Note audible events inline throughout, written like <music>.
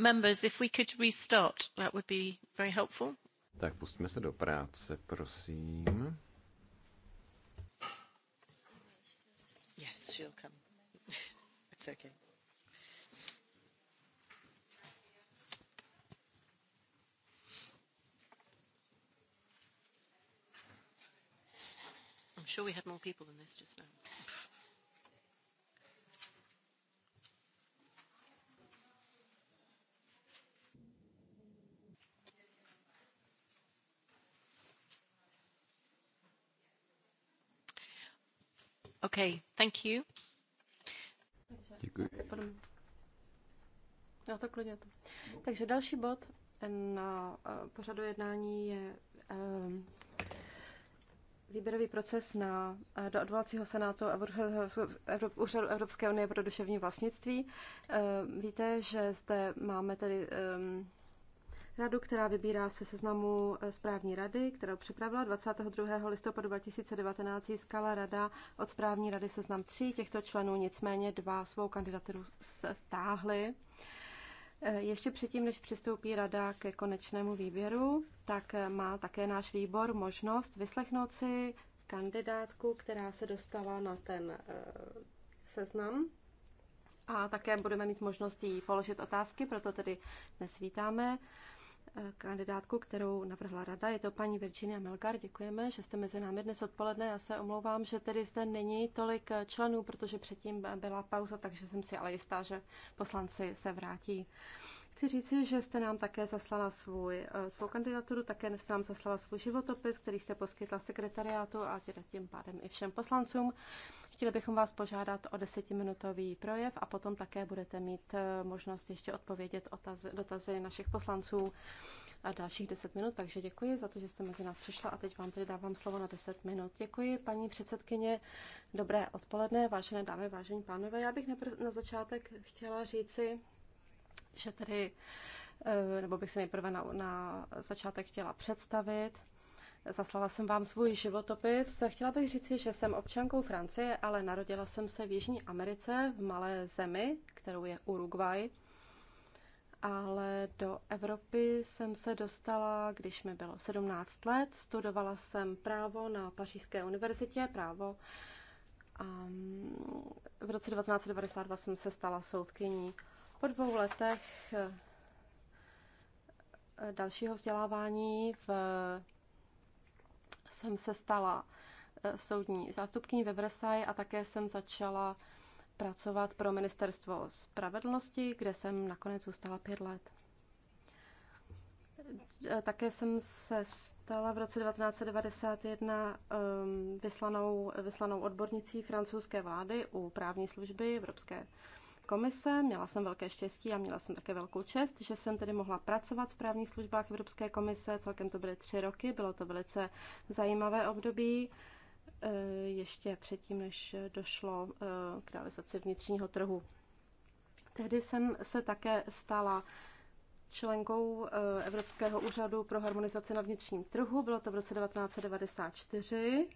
Members, if we could restart, that would be very helpful. Tak pustíme se do práce, prosím. Yes, she'll come. <laughs> It's okay. I'm sure we had more people than this just now. Okay, thank you. Děkuji. No to klidně to. Takže další bod na eh, pořadu jednání je eh, výběrový proces na, eh, do odvolacího senátu Úřadu Evropské unie pro duševní vlastnictví. Víte, že zde máme tedy ehm, radu, která vybírá se seznamu eh, správní rady, kterou připravila 22. listopadu 2019, získala rada od správní rady seznam tří těchto členů, nicméně dva svou kandidaturu stáhly. Eh, ještě předtím, než přistoupí rada ke konečnému výběru, tak eh, má také náš výbor možnost vyslechnout si kandidátku, která se dostala na ten seznam a také budeme mít možnost jí položit otázky, proto tedy dnes vítáme Eh, kandidátku, kterou navrhla rada. Je to paní Virginia Melgar. Děkujeme, že jste mezi námi dnes odpoledne. Já se omlouvám, že tedy zde není tolik eh, členů, protože předtím byla pauza, takže jsem si ale jistá, že poslanci se vrátí. Chci říci, že jste nám také zaslala svůj, eh, svou kandidaturu, také jste nám zaslala svůj životopis, který jste poskytla sekretariátu a teda tím pádem i všem poslancům. Chtěli bychom vás požádat o desetiminutový projev a potom také budete mít eh, možnost ještě odpovědět otaz, dotazy našich poslanců a dalších deset minut, takže děkuji za to, že jste mezi nás přišla a teď vám tedy dávám slovo na deset minut. Děkuji, paní předsedkyně, dobré odpoledne, vážené dámy, vážení pánové. Já bych na začátek chtěla říci, že tedy, eh, nebo bych se nejprve na, na začátek chtěla představit. Zaslala jsem vám svůj životopis. Chtěla bych říci, že jsem občankou Francie, ale narodila jsem se v Jižní Americe, v malé zemi, kterou je Uruguay. Ale do Evropy jsem se dostala, když mi bylo 17 let. Studovala jsem právo na Pařížské univerzitě, právo a mm, v roce 1992 jsem se stala soudkyní. Po dvou letech eh, dalšího vzdělávání v, jsem se stala eh, soudní zástupkyní ve Versailles a také jsem začala pracovat pro ministerstvo spravedlnosti, kde jsem nakonec zůstala pět let. Eh, také jsem se stala v roce 1991 ehm, vyslanou, vyslanou odbornicí francouzské vlády u právní služby Evropské komise. Měla jsem velké štěstí a měla jsem také velkou čest, že jsem tedy mohla pracovat v právních službách Evropské komise. Celkem to byly tři roky, bylo to velice zajímavé období. Eh, ještě předtím, než došlo eh, k realizaci vnitřního trhu. Tehdy jsem se také stala členkou eh, Evropského úřadu pro harmonizaci na vnitřním trhu. Bylo to v roce 1994.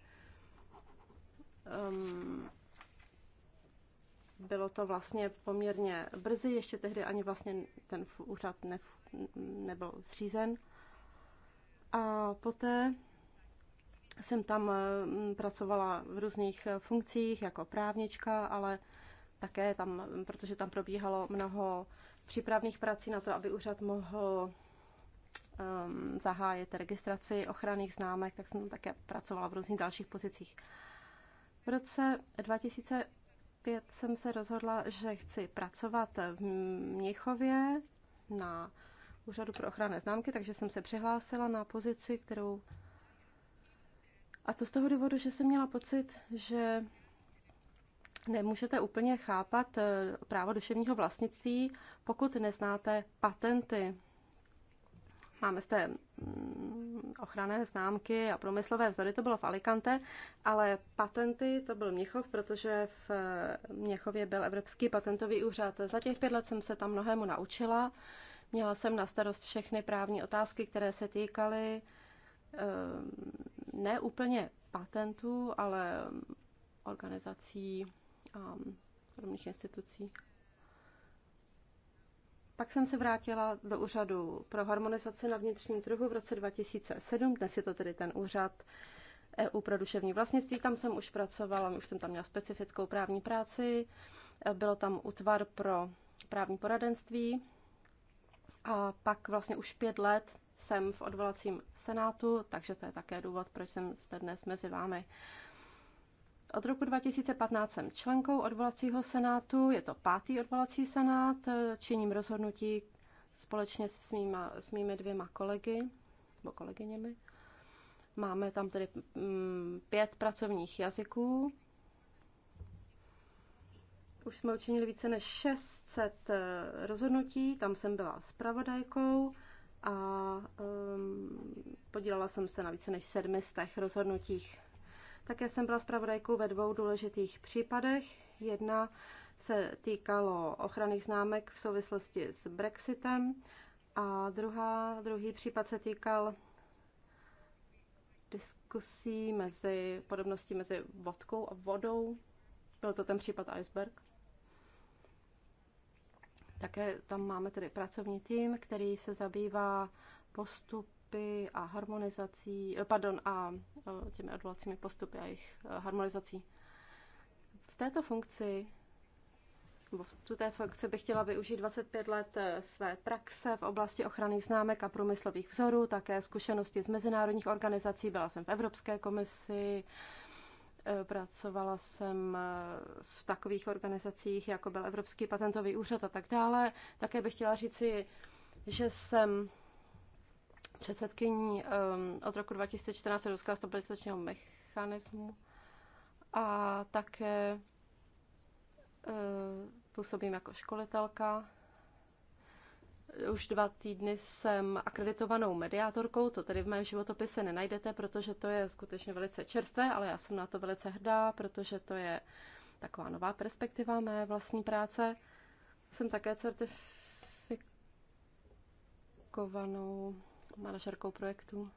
Bylo to vlastně poměrně brzy, ještě tehdy ani vlastně ten úřad ne, nebyl zřízen. A poté jsem tam eh, pracovala v různých eh, funkcích jako právnička, ale také tam, protože tam probíhalo mnoho přípravných prací na to, aby úřad mohl um, zahájit registraci ochranných známek, tak jsem tam také pracovala v různých dalších pozicích. V roce 2000 2005 jsem se rozhodla, že chci pracovat v Měchově na Úřadu pro ochranné známky, takže jsem se přihlásila na pozici, kterou. A to z toho důvodu, že jsem měla pocit, že nemůžete úplně chápat eh, právo duševního vlastnictví, pokud neznáte patenty. Máme zde mm, ochranné známky a průmyslové vzory, to bylo v Alicante, ale patenty to byl Měchov, protože v Měchově byl Evropský patentový úřad. Za těch pět let jsem se tam mnohému naučila. Měla jsem na starost všechny právní otázky, které se týkaly ehm, ne úplně patentů, ale organizací a podobných institucí. Pak jsem se vrátila do úřadu pro harmonizaci na vnitřním trhu v roce 2007, dnes je to tedy ten úřad EU pro duševní vlastnictví, tam jsem už pracovala, už jsem tam měla specifickou právní práci, bylo tam útvar pro právní poradenství a pak vlastně už pět let jsem v odvolacím senátu, takže to je také důvod, proč jsem zde dnes mezi vámi. Od roku 2015 jsem členkou odvolacího senátu, je to pátý odvolací senát, činím rozhodnutí společně s, mýma, s mými dvěma kolegy nebo kolegyněmi. Máme tam tedy mm, pět pracovních jazyků. Už jsme učinili více než 600 eh, rozhodnutí, tam jsem byla zpravodajkou a um, podílela jsem se na více než 700 rozhodnutích také jsem byla zpravodajkou ve dvou důležitých případech. Jedna se týkalo ochranných známek v souvislosti s Brexitem a druhá, druhý případ se týkal diskusí mezi podobností mezi vodkou a vodou. Byl to ten případ Iceberg. Také tam máme tedy pracovní tým, který se zabývá postup postupy a harmonizací, eh, pardon, a eh, těmi odvolacími postupy a jejich eh, harmonizací. V této funkci nebo v tuté funkci bych chtěla využít 25 let své praxe v oblasti ochrany známek a průmyslových vzorů, také zkušenosti z mezinárodních organizací. Byla jsem v Evropské komisi, pracovala jsem v takových organizacích, jako byl Evropský patentový úřad a tak dále. Také bych chtěla říci, že jsem předsedkyní ehm, od roku 2014 Ruského stabilizačního mechanismu a také eh, působím jako školitelka. Už dva týdny jsem akreditovanou mediátorkou, to tedy v mém životopise nenajdete, protože to je skutečně velice čerstvé, ale já jsem na to velice hrdá, protože to je taková nová perspektiva mé vlastní práce. Jsem také certifikovanou manažerkou projektů.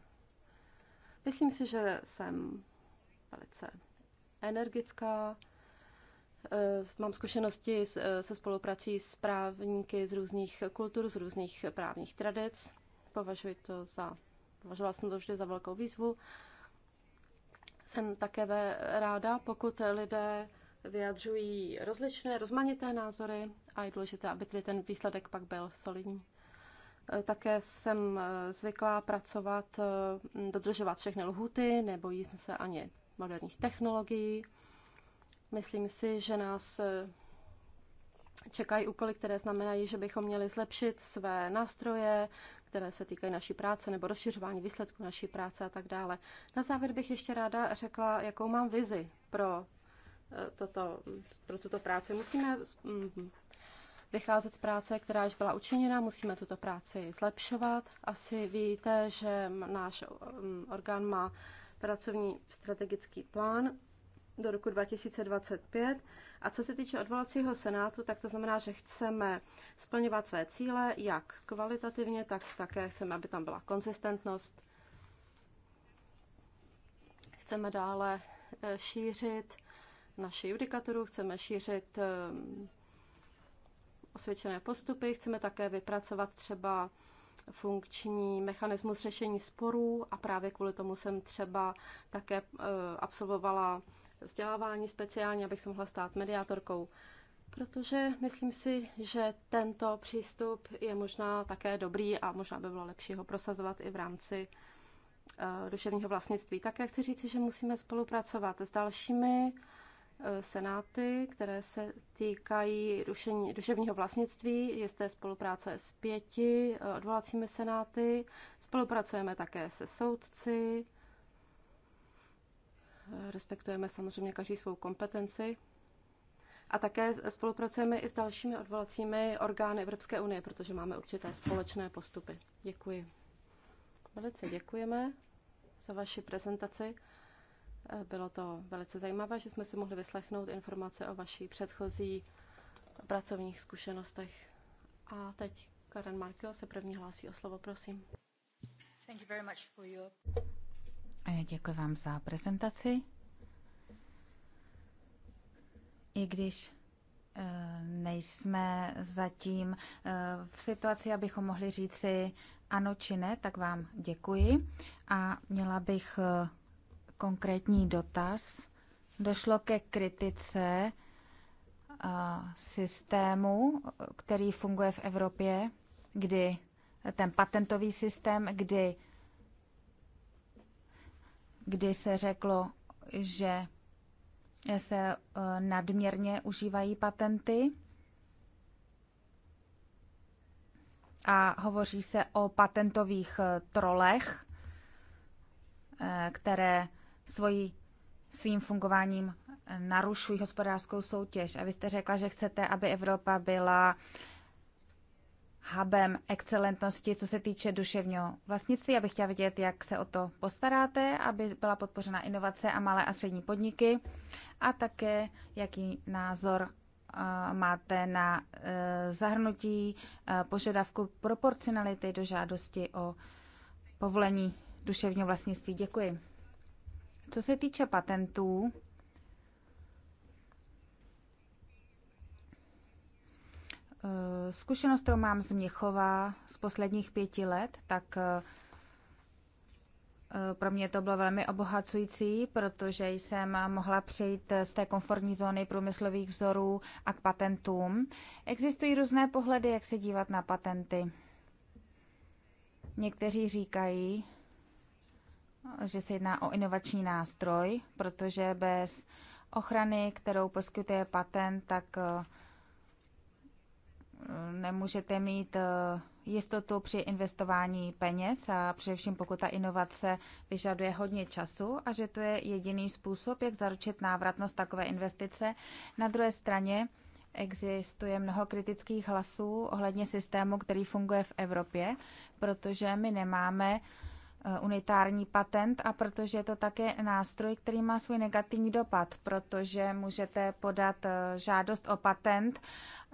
Myslím si, že jsem velice energická, eh, Mám zkušenosti eh, se spoluprací s právníky z různých kultur, z různých právních tradic. Považuji to za, považovala jsem to vždy za velkou výzvu. Jsem také ráda, pokud lidé vyjadřují rozličné, rozmanité názory a je důležité, aby tedy ten výsledek pak byl solidní. Eh, také jsem eh, zvyklá pracovat, eh, dodržovat všechny lhuty, nebojím se ani moderních technologií. Myslím si, že nás čekají úkoly, které znamenají, že bychom měli zlepšit své nástroje, které se týkají naší práce nebo rozšiřování výsledků naší práce a tak dále. Na závěr bych ještě ráda řekla, jakou mám vizi pro, toto, pro tuto práci. Musíme mm, vycházet z práce, která již byla učiněna, musíme tuto práci zlepšovat. Asi víte, že náš um, orgán má pracovní strategický plán do roku 2025. A co se týče odvolacího senátu, tak to znamená, že chceme splňovat své cíle, jak kvalitativně, tak také chceme, aby tam byla konzistentnost. Chceme dále eh, šířit naši judikaturu, chceme šířit eh, osvědčené postupy. Chceme také vypracovat třeba funkční mechanismus řešení sporů a právě kvůli tomu jsem třeba také eh, absolvovala vzdělávání speciálně, abych se mohla stát mediátorkou. Protože myslím si, že tento přístup je možná také dobrý a možná by bylo lepší ho prosazovat i v rámci eh, duševního vlastnictví. Také chci říct, že musíme spolupracovat s dalšími Eh, senáty, které se týkají rušení, duševního vlastnictví. Je zde spolupráce s pěti eh, odvolacími senáty. Spolupracujeme také se soudci. Eh, respektujeme samozřejmě každý svou kompetenci. A také spolupracujeme i s dalšími odvolacími orgány Evropské unie, protože máme určité společné postupy. Děkuji. Velice děkujeme za vaši prezentaci. Bylo to velice zajímavé, že jsme si mohli vyslechnout informace o vaší předchozí pracovních zkušenostech. A teď Karen Markel se první hlásí o slovo, prosím. Thank you very much for your... Děkuji vám za prezentaci. I když eh, nejsme zatím eh, v situaci, abychom mohli říci ano či ne, tak vám děkuji. A měla bych eh, konkrétní dotaz. Došlo ke kritice systému, který funguje v Evropě, kdy ten patentový systém, kdy, kdy se řeklo, že se e, nadměrně užívají patenty a hovoří se o patentových e, trolech, e, které svojí, svým fungováním eh, narušují hospodářskou soutěž. A vy jste řekla, že chcete, aby Evropa byla hubem excelentnosti, co se týče duševního vlastnictví. Já bych chtěla vidět, jak se o to postaráte, aby byla podpořena inovace a malé a střední podniky a také, jaký názor eh, máte na eh, zahrnutí požadavku proporcionality do žádosti o povolení duševního vlastnictví. Děkuji. Co se týče patentů, eh, zkušenost, kterou mám z Měchova z posledních pěti let, tak eh, pro mě to bylo velmi obohacující, protože jsem mohla přejít z té komfortní zóny průmyslových vzorů a k patentům. Existují různé pohledy, jak se dívat na patenty. Někteří říkají, že se jedná o inovační nástroj, protože bez ochrany, kterou poskytuje patent, tak eh, nemůžete mít eh, jistotu při investování peněz a především pokud ta inovace vyžaduje hodně času a že to je jediný způsob, jak zaručit návratnost takové investice. Na druhé straně existuje mnoho kritických hlasů ohledně systému, který funguje v Evropě, protože my nemáme uh, Eh, unitární patent a protože je to také nástroj, který má svůj negativní dopad, protože můžete podat eh, žádost o patent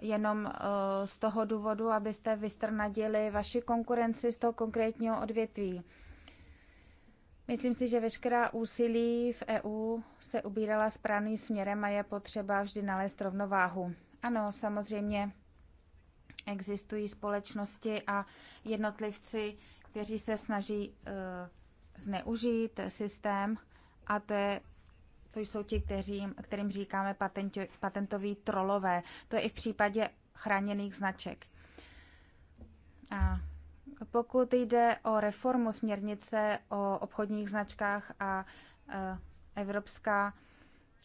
jenom eh, z toho důvodu, abyste vystrnadili vaši konkurenci z toho konkrétního odvětví. Myslím si, že veškerá úsilí v EU se ubírala správným směrem a je potřeba vždy nalézt rovnováhu. Ano, samozřejmě existují společnosti a jednotlivci, kteří se snaží eh, zneužít systém a to je to jsou ti, kteří, kterým říkáme patentě, patentoví trolové. To je i v případě chráněných značek. A pokud jde o reformu směrnice o obchodních značkách a eh, evropská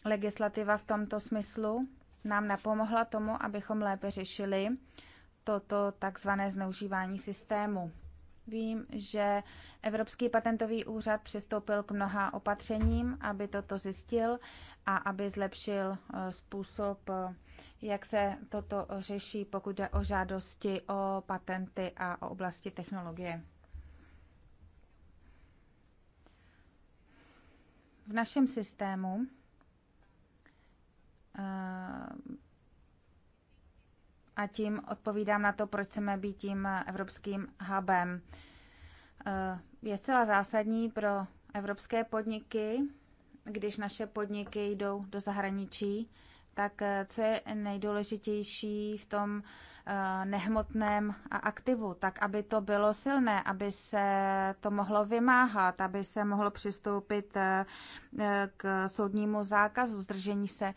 legislativa v tomto smyslu nám napomohla tomu, abychom lépe řešili toto takzvané zneužívání systému. Vím, že Evropský patentový úřad přistoupil k mnoha opatřením, aby toto zjistil a aby zlepšil eh, způsob, eh, jak se toto řeší, pokud jde o žádosti o patenty a o oblasti technologie. V našem systému eh, a tím odpovídám na to, proč chceme být tím evropským hubem. Eh, je zcela zásadní pro evropské podniky, když naše podniky jdou do zahraničí, tak eh, co je nejdůležitější v tom eh, nehmotném aktivu, tak aby to bylo silné, aby se to mohlo vymáhat, aby se mohlo přistoupit k soudnímu zákazu zdržení se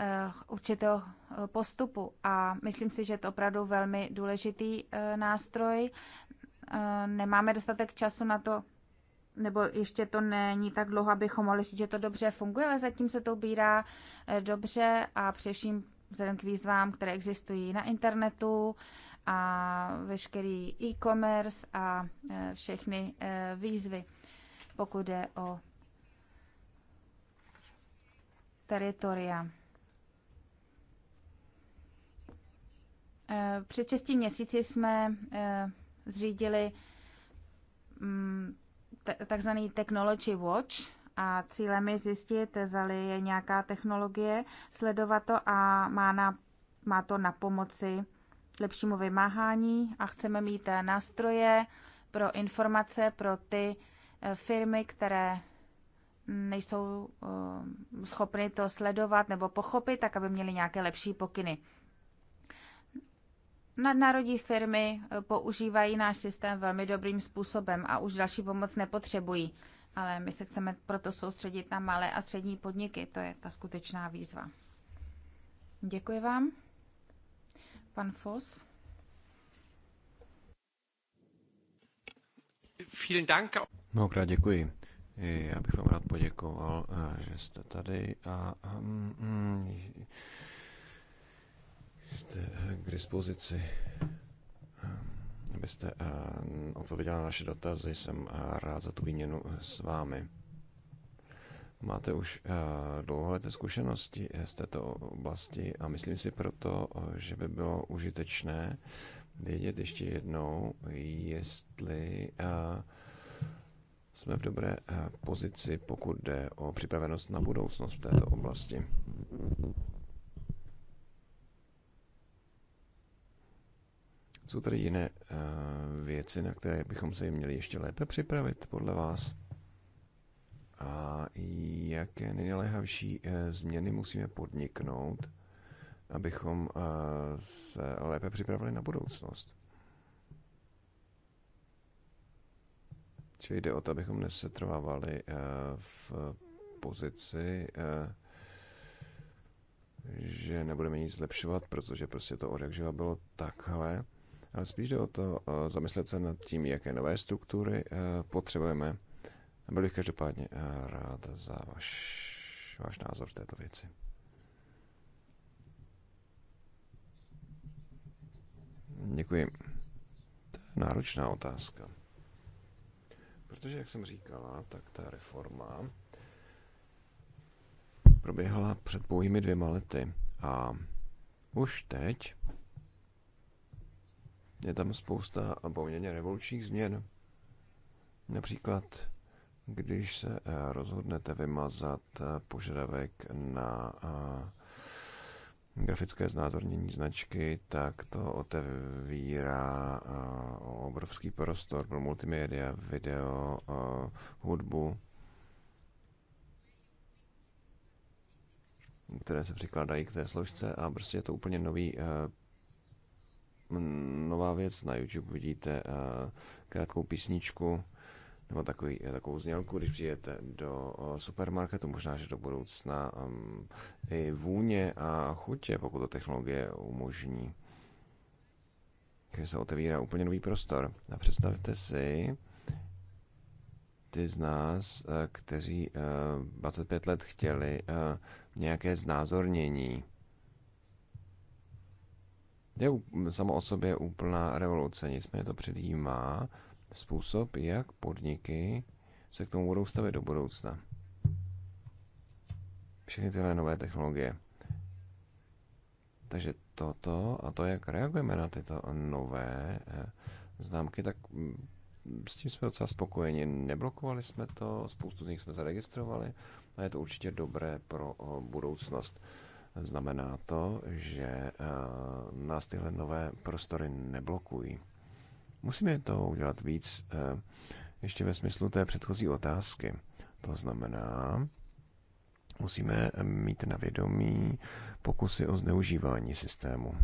Eh, určitého eh, postupu. A myslím si, že to opravdu velmi důležitý eh, nástroj. Nemáme dostatek času na to, nebo ještě to není tak dlouho, abychom mohli říct, že to dobře funguje, ale zatím se to ubírá dobře a především vzhledem k výzvám, které existují na internetu a veškerý e-commerce a všechny výzvy, pokud je o teritoria. Eh, před 6 měsíci jsme eh, zřídili mm, takzvaný Technology Watch a cílem je zjistit, zda je nějaká technologie, sledovat to a má, na, má to na pomoci lepšímu vymáhání a chceme mít eh, nástroje pro informace pro ty firmy, které nejsou schopny to sledovat nebo pochopit, tak aby měly nějaké lepší pokyny. Nadnárodní firmy eh, používají náš systém velmi dobrým způsobem a už další pomoc nepotřebují, ale my se chceme proto soustředit na malé a střední podniky. To je ta skutečná výzva. Děkuji vám. Pan Foss. Vielen Dank. Mnohokrát děkuji. Já bych vám rád poděkoval, eh, že jste tady a a, mm, a, mm, jste eh, k dispozici, ehm, abyste eh, odpověděla na naše dotazy. Jsem eh, rád za tu výměnu s vámi. Máte už dlouholeté zkušenosti z této oblasti a myslím si proto, že by bylo užitečné vědět ještě jednou, jestli jsme v dobré pozici, pokud jde o připravenost na budoucnost v této oblasti. Jsou tady jiné eh, věci, na které bychom se jim měli ještě lépe připravit, podle vás? A jaké nejnaléhavší eh, změny musíme podniknout, abychom eh, se lépe připravili na budoucnost? Čili jde o to, abychom nesetrvávali v pozici, že nebudeme nic zlepšovat, protože prostě to odjakživa bylo takhle ale spíš jde o to eh, zamyslet se nad tím, jaké nové struktury eh, potřebujeme. Byl bych každopádně eh, rád za váš, váš názor v této věci. Děkuji. To je náročná otázka. Protože, jak jsem říkala, tak ta reforma proběhla před pouhými dvěma lety a už teď je tam spousta poměrně revolučních změn. Například, když se eh, rozhodnete vymazat eh, požadavek na eh, grafické znázornění značky, tak to otevírá obrovský prostor pro multimédia, video, hudbu, které se přikládají k té složce a prostě je to úplně nový nová věc. Na YouTube vidíte eh, krátkou písničku nebo takový, eh, takovou znělku, když přijete do eh, supermarketu, možná, že do budoucna ehm, i vůně a chutě, pokud to technologie umožní. Takže se otevírá úplně nový prostor. A představte si, ty z nás, kteří 25 let chtěli nějaké znázornění je samo o sobě úplná revoluce, nicméně to předjímá způsob, jak podniky se k tomu budou stavit do budoucna. Všechny tyhle nové technologie. Takže toto a to, jak reagujeme na tyto nové eh, známky, tak mm, s tím jsme docela spokojeni. Neblokovali jsme to, spoustu z nich jsme zaregistrovali a je to určitě dobré pro eh, budoucnost. Znamená to, že eh, nás tyhle nové prostory neblokují. Musíme to udělat víc eh, ještě ve smyslu té předchozí otázky. To znamená, musíme mít na vědomí pokusy o zneužívání systému.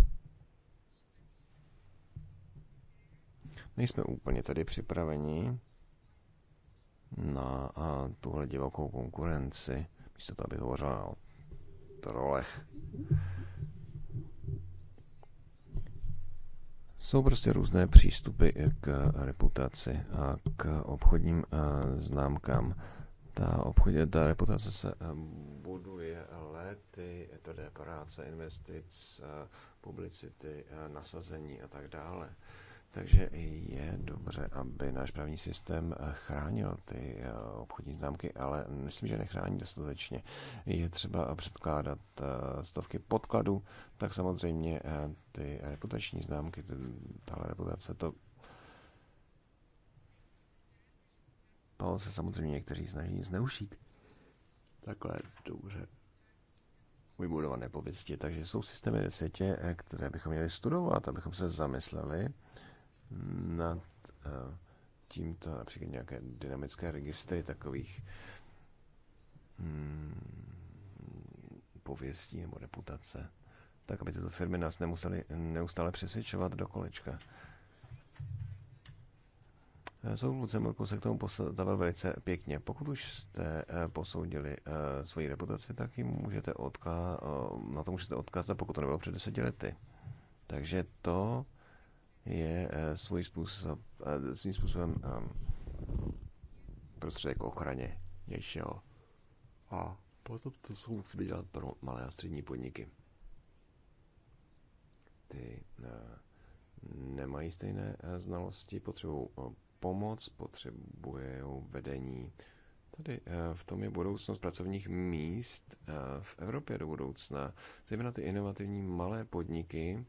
Nejsme úplně tady připraveni na eh, tuhle divokou konkurenci, místo toho, aby hovořila o trolech. Jsou prostě různé přístupy k reputaci a k obchodním eh, známkám. Ta, obchod, ta reputace se eh, buduje lety, tvrdé práce, investic, eh, publicity, nasazení a tak dále. Takže je dobře, aby náš právní systém eh, chránil ty eh, obchodní známky, ale myslím, že nechrání dostatečně. Je třeba předkládat eh, stovky podkladů, tak samozřejmě ty reputační známky, tahle reputace, to toho se samozřejmě někteří snaží zneužít. Takhle dobře vybudované pověsti. Takže jsou systémy ve světě, které bychom měli studovat, abychom se zamysleli nad eh, tímto, například nějaké dynamické registry takových hmm, pověstí nebo reputace, tak aby tyto firmy nás nemuseli neustále přesvědčovat do kolečka. Eh, soud v Lucemburku se k tomu postavil velice pěkně. Pokud už jste eh, posoudili svoji reputaci, tak jim můžete odkázat, na to můžete odkázat, pokud to nebylo před deseti lety. Takže to je eh, svůj způsob, eh, svým způsobem ehm, prostředek ochraně něčeho. A potom to jsou musí dělat pro malé a střední podniky. Ty eh, nemají stejné znalosti, potřebují pomoc, potřebují vedení. Tady v tom je budoucnost pracovních míst v Evropě do budoucna. Zejména ty inovativní malé podniky,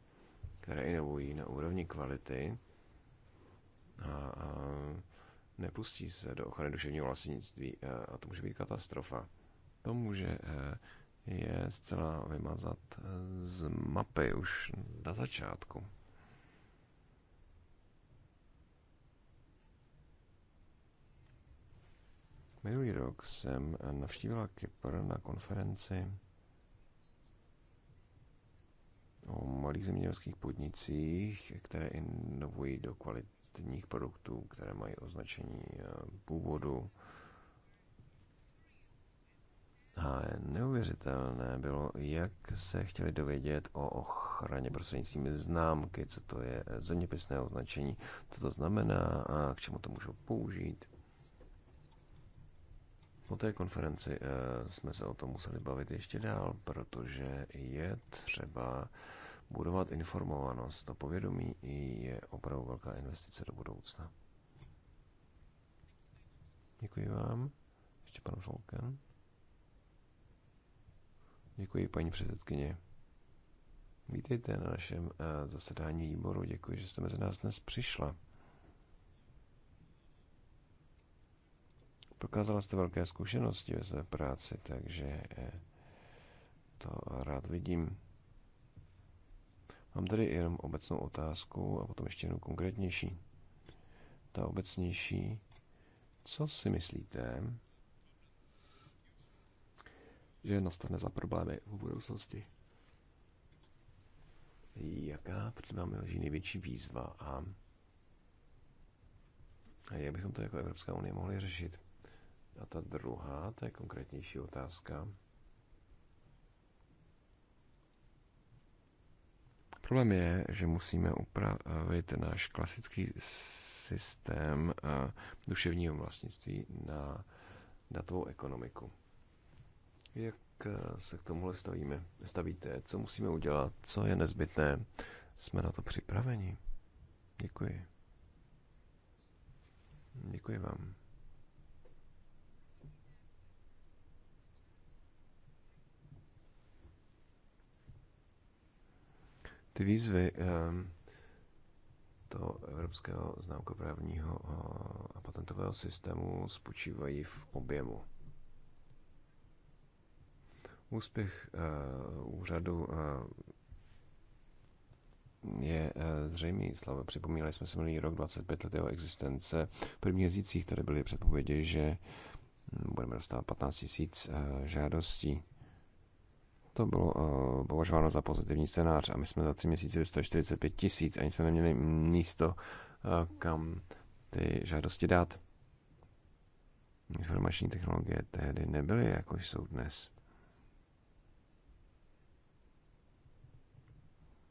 které inovují na úrovni kvality a, a nepustí se do ochrany duševního vlastnictví e, a to může být katastrofa. To může e, je zcela vymazat e, z mapy už na začátku. Minulý rok jsem navštívila Kypr na konferenci o malých zemědělských podnicích, které inovují do kvalitních produktů, které mají označení eh, původu. A neuvěřitelné bylo, jak se chtěli dovědět o ochraně prostřednictvím známky, co to je eh, zeměpisné označení, co to znamená a k čemu to můžou použít. Po té konferenci eh, jsme se o tom museli bavit ještě dál, protože je třeba budovat informovanost. To povědomí je opravdu velká investice do budoucna. Děkuji vám. Ještě pan Falken. Děkuji, paní předsedkyně. Vítejte na našem eh, zasedání výboru. Děkuji, že jste mezi nás dnes přišla. Prokázala jste velké zkušenosti ve své práci, takže eh, to rád vidím. Mám tady jenom obecnou otázku a potom ještě jednu konkrétnější. Ta obecnější, co si myslíte, že nastane za problémy v budoucnosti? Jaká před námi leží největší výzva a jak bychom to jako Evropská unie mohli řešit? A ta druhá, to je konkrétnější otázka. Problém je, že musíme upravit náš klasický systém eh, duševního vlastnictví na datovou ekonomiku. Jak eh, se k tomuhle stavíme? stavíte? Co musíme udělat? Co je nezbytné? Jsme na to připraveni? Děkuji. Děkuji vám. ty výzvy ehm, toho evropského známkoprávního eh, a patentového systému spočívají v objemu. Úspěch eh, úřadu eh, je zřejmý. Slavo, připomínali jsme si minulý rok 25 let jeho existence. V prvních měsících tady byly předpovědi, že hm, budeme dostávat 15 tisíc žádostí to bylo uh, považováno za pozitivní scénář a my jsme za tři měsíce 145 tisíc, ani jsme neměli místo, uh, kam ty žádosti dát. Informační technologie tehdy nebyly, jako jsou dnes.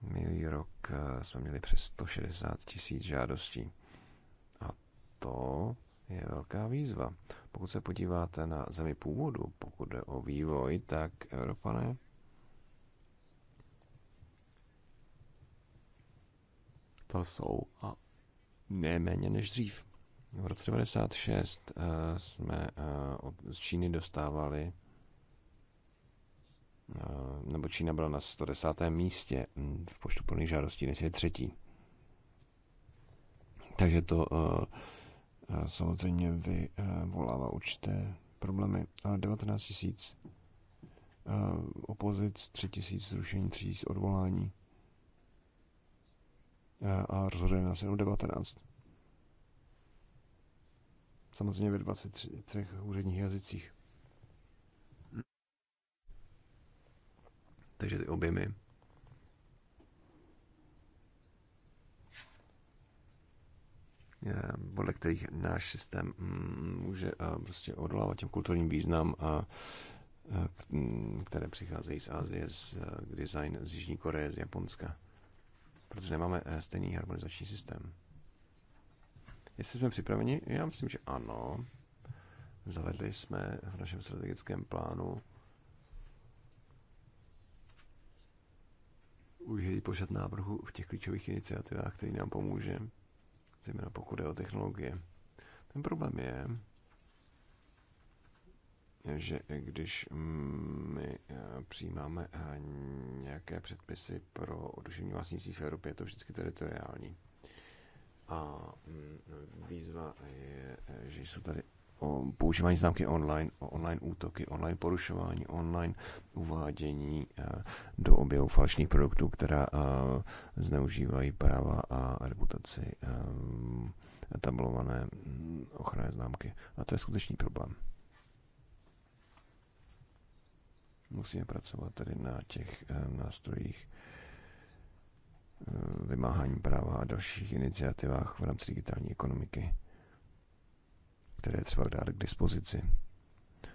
Minulý rok eh, jsme měli přes 160 tisíc žádostí. A to je velká výzva. Pokud se podíváte na zemi původu, pokud jde o vývoj, tak Evropané obyvatel jsou a ne méně než dřív. V roce 96 eh, jsme eh, od, z Číny dostávali, eh, nebo Čína byla na 110. místě hm, v počtu plných žádostí, než je třetí. Takže to samozřejmě vyvolává určité problémy. 19 tisíc opozic, 3 000 zrušení, 3 000 odvolání. Eh, a nás jenom 19. Samozřejmě ve 23 úředních jazycích. Takže ty objemy eh, podle kterých náš systém mm, může eh, prostě odolávat těm kulturním význam, a, mm, které přicházejí z Asie, z, z design z Jižní Koreje, z Japonska protože nemáme eh, stejný harmonizační systém. Jestli jsme připraveni, já myslím, že ano. Zavedli jsme v našem strategickém plánu už je pořad návrhu v těch klíčových iniciativách, který nám pomůže, zejména pokud je o technologie. Ten problém je, že když mm, my eh, přijímáme eh, nějaké předpisy pro oduševní vlastnictví v Evropě, je to vždycky teritoriální. A mm, výzva je, eh, že jsou tady o používání známky online, o online útoky, online porušování, online uvádění do objevu falešných produktů, která zneužívají práva a reputaci etablované mm, ochranné známky. A to je skutečný problém. Musíme pracovat tady na těch eh, nástrojích eh, vymáhání práva a dalších iniciativách v rámci digitální ekonomiky, které je třeba dát k dispozici.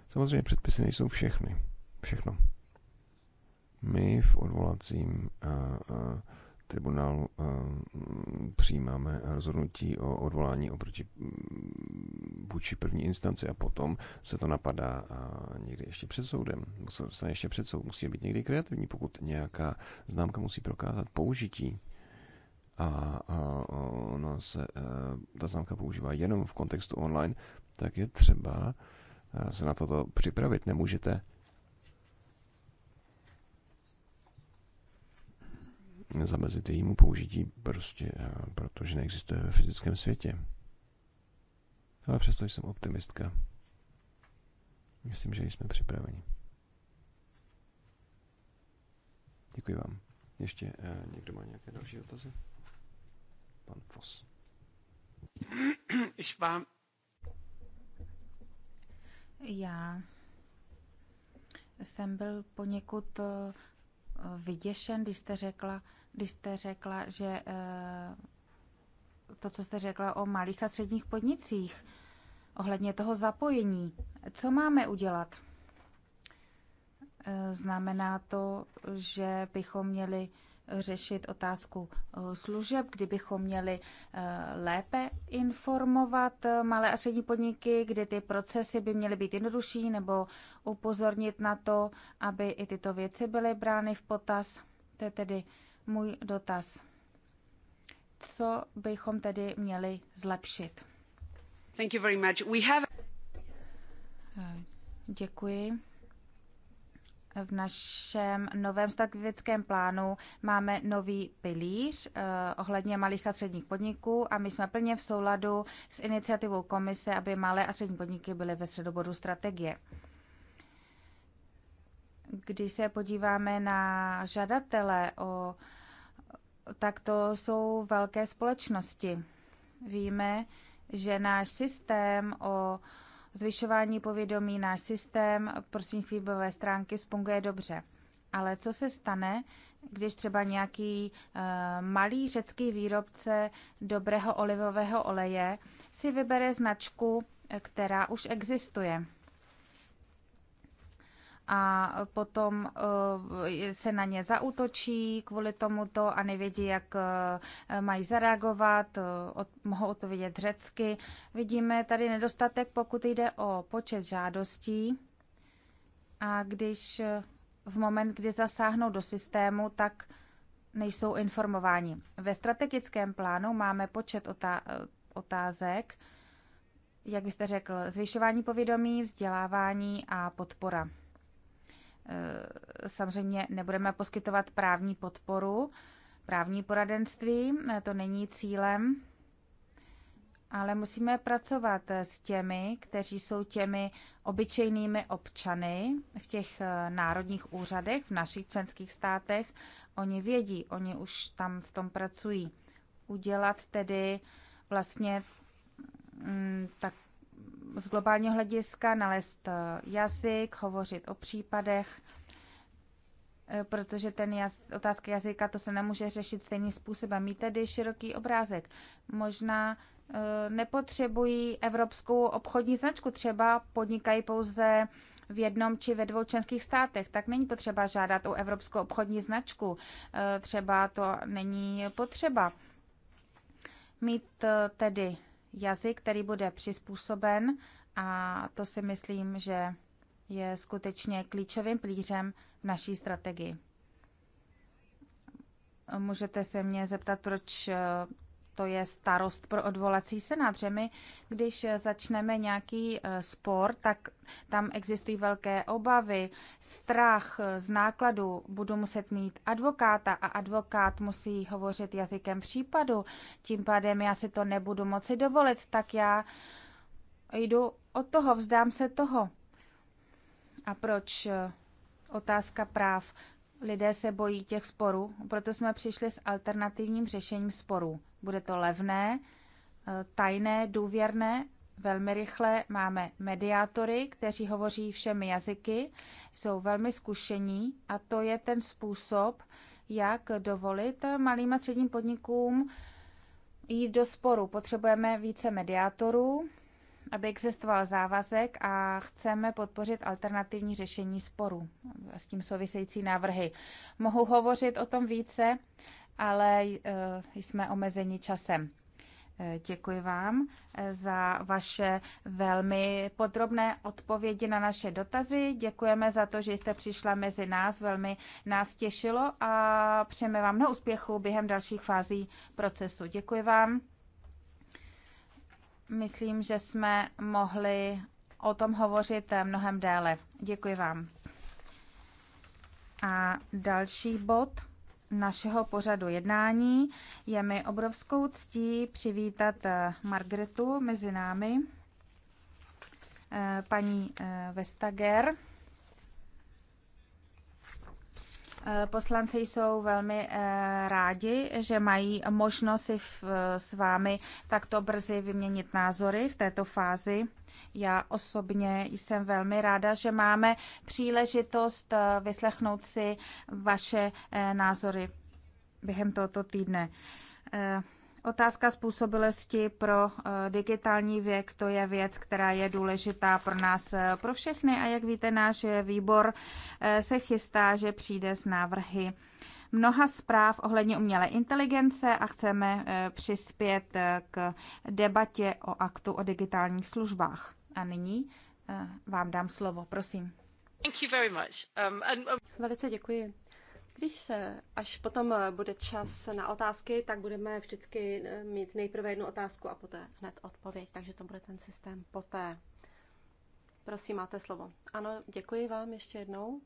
Samozřejmě předpisy nejsou všechny. Všechno. My v odvolacím a, eh, a, tribunál ehm, přijímáme rozhodnutí o odvolání oproti mm, vůči první instanci a potom se to napadá a někdy ještě před soudem. Se ještě před soud. Musí být někdy kreativní, pokud nějaká známka musí prokázat použití a, a ona se, e, ta známka používá jenom v kontextu online, tak je třeba e, se na toto připravit. Nemůžete zamezit jejímu použití, prostě protože neexistuje ve fyzickém světě. Ale přesto jsem optimistka. Myslím, že jsme připraveni. Děkuji vám. Ještě eh, někdo má nějaké další otázky? Pan Fos. Ich Já jsem byl poněkud eh, vyděšen, když jste řekla, když jste řekla, že eh, to, co jste řekla o malých a středních podnicích, ohledně toho zapojení, co máme udělat? Eh, znamená to, že bychom měli řešit otázku eh, služeb, kdybychom měli lépe informovat malé a střední podniky, kdy ty procesy by měly být jednodušší, nebo upozornit na to, aby i tyto věci byly brány v potaz. To je tedy můj dotaz. Co bychom tedy měli zlepšit? Thank you very much. We have... Eh, děkuji. V našem novém strategickém plánu máme nový pilíř eh, ohledně malých a středních podniků a my jsme plně v souladu s iniciativou komise, aby malé a střední podniky byly ve středobodu strategie. Eh, když se podíváme na žadatele, o, tak to jsou velké společnosti. Víme, že náš systém o zvyšování povědomí, náš systém prostřednictvím webové stránky funguje dobře. Ale co se stane, když třeba nějaký uh, malý řecký výrobce dobrého olivového oleje si vybere značku, eh, která už existuje? a potom eh, se na ně zautočí kvůli tomuto a nevědí, jak eh, mají zareagovat, eh, od, mohou odpovědět řecky. Vidíme tady nedostatek, pokud jde o počet žádostí a když v moment, kdy zasáhnou do systému, tak nejsou informováni. Ve strategickém plánu máme počet otázek, jak byste řekl, zvyšování povědomí, vzdělávání a podpora. Eh, samozřejmě nebudeme poskytovat právní podporu, právní poradenství, eh, to není cílem, ale musíme pracovat eh, s těmi, kteří jsou těmi obyčejnými občany v těch národních úřadech, v našich členských státech. Oni vědí, oni už tam v tom pracují. Udělat tedy vlastně mm, tak z globálního hlediska nalézt eh, jazyk, hovořit o případech, eh, protože ten jaz, otázka jazyka, to se nemůže řešit stejným způsobem. Mít tedy široký obrázek. Možná eh, nepotřebují evropskou obchodní značku, třeba podnikají pouze v jednom či ve dvou členských státech, tak není potřeba žádat o evropskou obchodní značku. třeba to není potřeba. Mít tedy jazyk, který bude přizpůsoben a to si myslím, že je skutečně klíčovým plířem v naší strategii. Můžete se mě zeptat, proč to je starost pro odvolací senát, že my, když začneme nějaký eh, spor, tak tam existují velké obavy, strach eh, z nákladu, budu muset mít advokáta a advokát musí hovořit jazykem případu, tím pádem já si to nebudu moci dovolit, tak já jdu od toho, vzdám se toho. A proč? Eh, otázka práv. Lidé se bojí těch sporů, proto jsme přišli s alternativním řešením sporů. Bude to levné, eh, tajné, důvěrné, velmi rychle. Máme mediátory, kteří hovoří všemi jazyky, jsou velmi zkušení a to je ten způsob, jak dovolit malým a středním podnikům jít do sporu. Potřebujeme více mediátorů, aby existoval závazek a chceme podpořit alternativní řešení sporu s tím související návrhy. Mohu hovořit o tom více, ale eh, jsme omezeni časem. Eh, děkuji vám eh, za vaše velmi podrobné odpovědi na naše dotazy. Děkujeme za to, že jste přišla mezi nás. Velmi nás těšilo a přejeme vám na úspěchu během dalších fází procesu. Děkuji vám. Myslím, že jsme mohli o tom hovořit mnohem déle. Děkuji vám. A další bod našeho pořadu jednání. Je mi obrovskou ctí přivítat eh, Margretu mezi námi, eh, paní eh, Vestager. Eh, poslanci jsou velmi eh, rádi, že mají možnost si eh, s vámi takto brzy vyměnit názory v této fázi. Já osobně jsem velmi ráda, že máme příležitost vyslechnout si vaše názory během tohoto týdne. Otázka způsobilosti pro eh, digitální věk, to je věc, která je důležitá pro nás, eh, pro všechny. A jak víte, náš eh, výbor se chystá, že přijde s návrhy mnoha zpráv ohledně umělé inteligence a chceme přispět k debatě o aktu o digitálních službách. A nyní vám dám slovo, prosím. Um, um, Velice děkuji. Když se až potom eh, bude čas na otázky, tak budeme vždycky eh, mít nejprve jednu otázku a poté hned odpověď, takže to bude ten systém poté. Prosím, máte slovo. Ano, děkuji vám ještě jednou.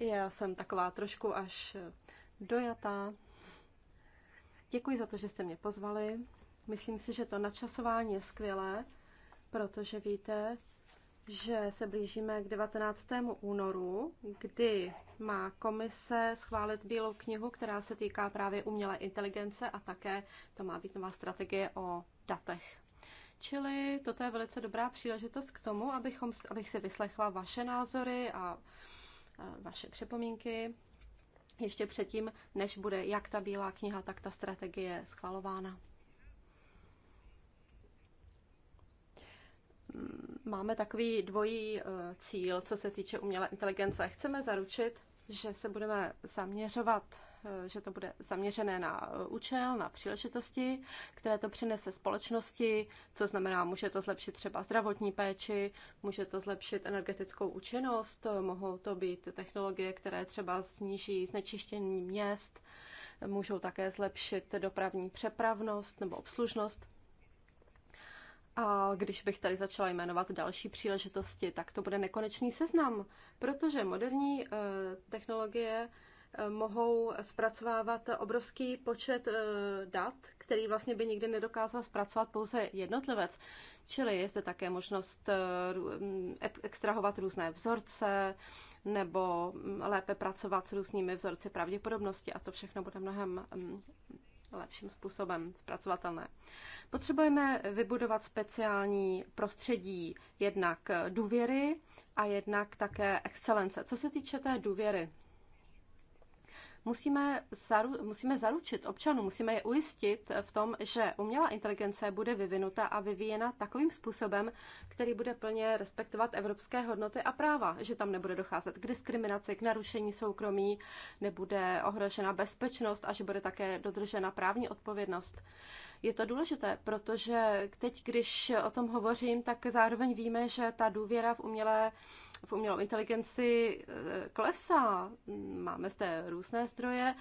Já jsem taková trošku až eh, dojatá. Děkuji za to, že jste mě pozvali. Myslím si, že to načasování je skvělé, protože víte, že se blížíme k 19. únoru, kdy má komise schválit bílou knihu, která se týká právě umělé inteligence a také to má být nová strategie o datech. Čili toto je velice dobrá příležitost k tomu, abychom, abych si vyslechla vaše názory a vaše připomínky ještě předtím, než bude jak ta bílá kniha, tak ta strategie schvalována máme takový dvojí eh, cíl, co se týče umělé inteligence. Chceme zaručit, že se budeme zaměřovat eh, že to bude zaměřené na eh, účel, na příležitosti, které to přinese společnosti, co znamená, může to zlepšit třeba zdravotní péči, může to zlepšit energetickou účinnost, mohou to být technologie, které třeba sníží znečištění měst, můžou také zlepšit dopravní přepravnost nebo obslužnost. A když bych tady začala jmenovat další příležitosti, tak to bude nekonečný seznam, protože moderní eh, technologie eh, mohou zpracovávat obrovský počet eh, dat, který vlastně by nikdy nedokázal zpracovat pouze jednotlivec. Čili je zde také možnost mm, extrahovat různé vzorce nebo mm, lépe pracovat s různými vzorci pravděpodobnosti a to všechno bude mnohem mm, lepším způsobem zpracovatelné. Potřebujeme vybudovat speciální prostředí jednak důvěry a jednak také excelence. Co se týče té důvěry, Musíme, zaru, musíme zaručit občanům, musíme je ujistit v tom, že umělá inteligence bude vyvinuta a vyvíjena takovým způsobem, který bude plně respektovat evropské hodnoty a práva, že tam nebude docházet k diskriminaci, k narušení soukromí, nebude ohrožena bezpečnost a že bude také dodržena právní odpovědnost. Je to důležité, protože teď, když o tom hovořím, tak zároveň víme, že ta důvěra v umělé v umělou inteligenci eh, klesá. Máme zde různé zdroje.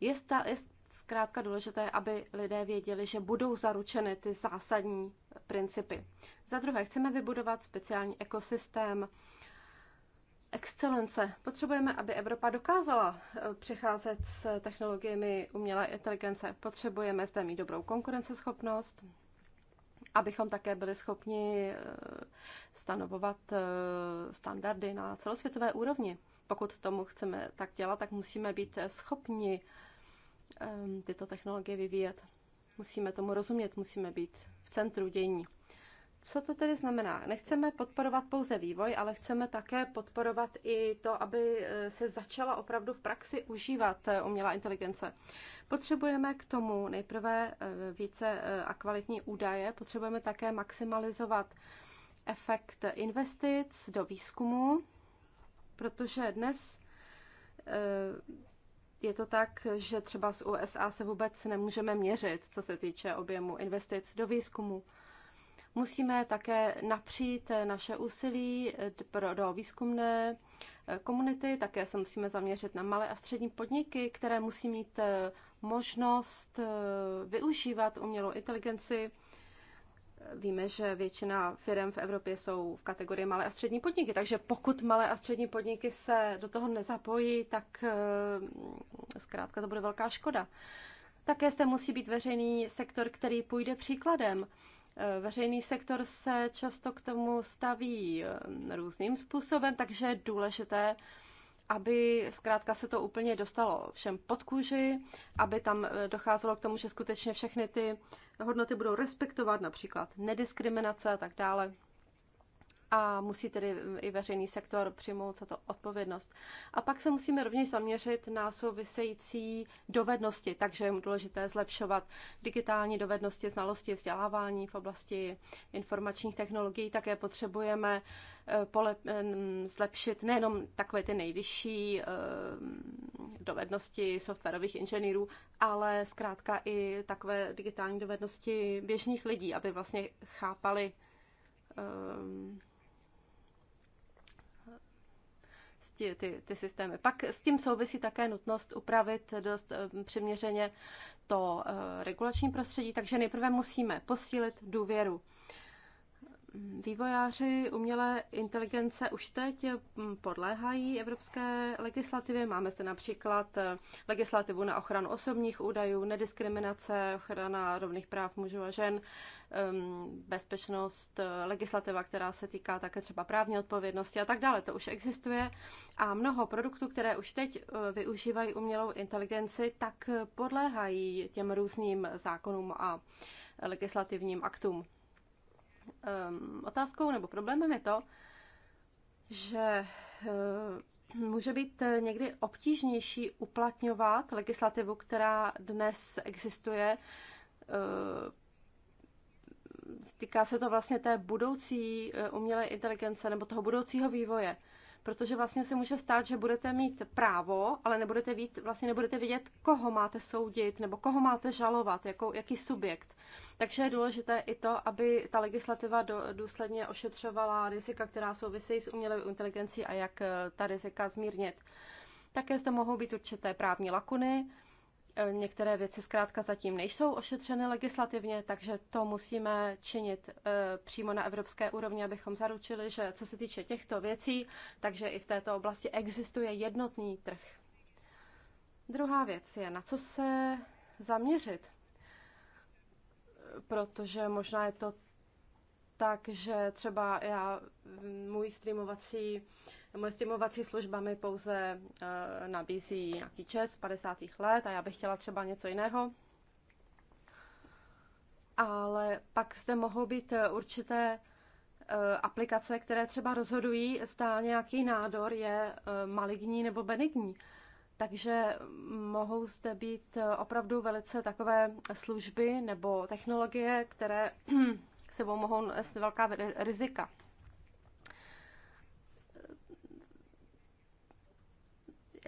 Je, sta, je zkrátka důležité, aby lidé věděli, že budou zaručeny ty zásadní principy. Za druhé, chceme vybudovat speciální ekosystém excelence. Potřebujeme, aby Evropa dokázala eh, přecházet s technologiemi umělé inteligence. Potřebujeme zde mít dobrou konkurenceschopnost, abychom také byli schopni eh, stanovovat eh, standardy na celosvětové úrovni. Pokud tomu chceme tak dělat, tak musíme být schopni eh, tyto technologie vyvíjet. Musíme tomu rozumět, musíme být v centru dění. Co to tedy znamená? Nechceme podporovat pouze vývoj, ale chceme také podporovat i to, aby e, se začala opravdu v praxi užívat e, umělá inteligence. Potřebujeme k tomu nejprve e, více a kvalitní údaje, potřebujeme také maximalizovat efekt investic do výzkumu, protože dnes je to tak, že třeba z USA se vůbec nemůžeme měřit, co se týče objemu investic do výzkumu. Musíme také napřít naše úsilí eh, do výzkumné eh, komunity, také se musíme zaměřit na malé a střední podniky, které musí mít eh, možnost využívat umělou inteligenci. Víme, že většina firm v Evropě jsou v kategorii malé a střední podniky, takže pokud malé a střední podniky se do toho nezapojí, tak zkrátka to bude velká škoda. Také zde musí být veřejný sektor, který půjde příkladem. Eh, veřejný sektor se často k tomu staví eh, různým způsobem, takže je důležité, aby zkrátka se to úplně dostalo všem pod kůži, aby tam eh, docházelo k tomu, že skutečně všechny ty hodnoty budou respektovat, například nediskriminace a tak dále a musí tedy i veřejný sektor přijmout tato odpovědnost. A pak se musíme rovněž zaměřit na související dovednosti, takže je důležité zlepšovat digitální dovednosti, znalosti, vzdělávání v oblasti informačních technologií. Také potřebujeme eh, zlepšit nejenom takové ty nejvyšší eh, dovednosti softwarových inženýrů, ale zkrátka i takové digitální dovednosti běžných lidí, aby vlastně chápali ty, ty, ty systémy. Pak s tím souvisí také nutnost upravit dost eh, přiměřeně to eh, regulační prostředí, takže nejprve musíme posílit důvěru. Vývojáři umělé inteligence už teď mm, podléhají evropské legislativě. Máme zde například eh, legislativu na ochranu osobních údajů, nediskriminace, ochrana rovných práv mužů a žen, ehm, bezpečnost, eh, legislativa, která se týká také třeba právní odpovědnosti a tak dále. To už existuje a mnoho produktů, které už teď eh, využívají umělou inteligenci, tak podléhají těm různým zákonům a legislativním aktům. Ehm, otázkou nebo problémem je to, že ehm, může být někdy obtížnější uplatňovat legislativu, která dnes existuje. Ehm, týká se to vlastně té budoucí eh, umělé inteligence nebo toho budoucího vývoje protože vlastně se může stát, že budete mít právo, ale nebudete, vít, vlastně nebudete vidět, koho máte soudit nebo koho máte žalovat, jako jaký subjekt. Takže je důležité i to, aby ta legislativa do, důsledně ošetřovala rizika, která souvisejí s umělou inteligencí a jak eh, ta rizika zmírnit. Také zde mohou být určité právní lakuny, E, některé věci zkrátka zatím nejsou ošetřeny legislativně, takže to musíme činit e, přímo na evropské úrovni, abychom zaručili, že co se týče těchto věcí, takže i v této oblasti existuje jednotný trh. Druhá věc je, na co se zaměřit, protože možná je to tak, že třeba já, můj streamovací moje služba mi pouze eh, nabízí nějaký čas 50. let a já bych chtěla třeba něco jiného. Ale pak zde mohou být eh, určité eh, aplikace, které třeba rozhodují, zda nějaký nádor je maligní nebo benigní. Takže mohou zde být opravdu velice takové služby nebo technologie, které <clears throat> sebou mohou nést velká rizika.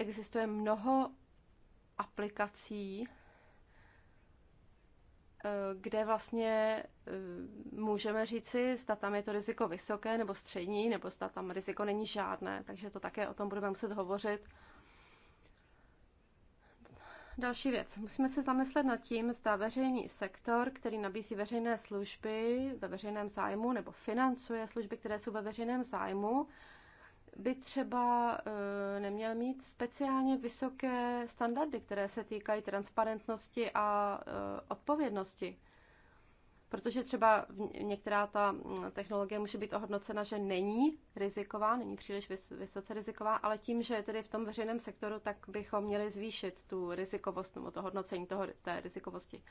Existuje mnoho aplikací, eh, kde vlastně eh, můžeme říci, zda tam je to riziko vysoké nebo střední, nebo zda tam riziko není žádné, takže to také o tom budeme muset hovořit. Další věc. Musíme se zamyslet nad tím, zda veřejný sektor, který nabízí veřejné služby ve veřejném zájmu nebo financuje služby, které jsou ve veřejném zájmu, by třeba eh, neměl mít speciálně vysoké standardy, které se týkají transparentnosti a eh, odpovědnosti. Protože třeba některá ta mm, technologie může být ohodnocena, že není riziková, není příliš vysoce riziková, ale tím, že je tedy v tom veřejném sektoru, tak bychom měli zvýšit tu rizikovost nebo to hodnocení toho, té rizikovosti.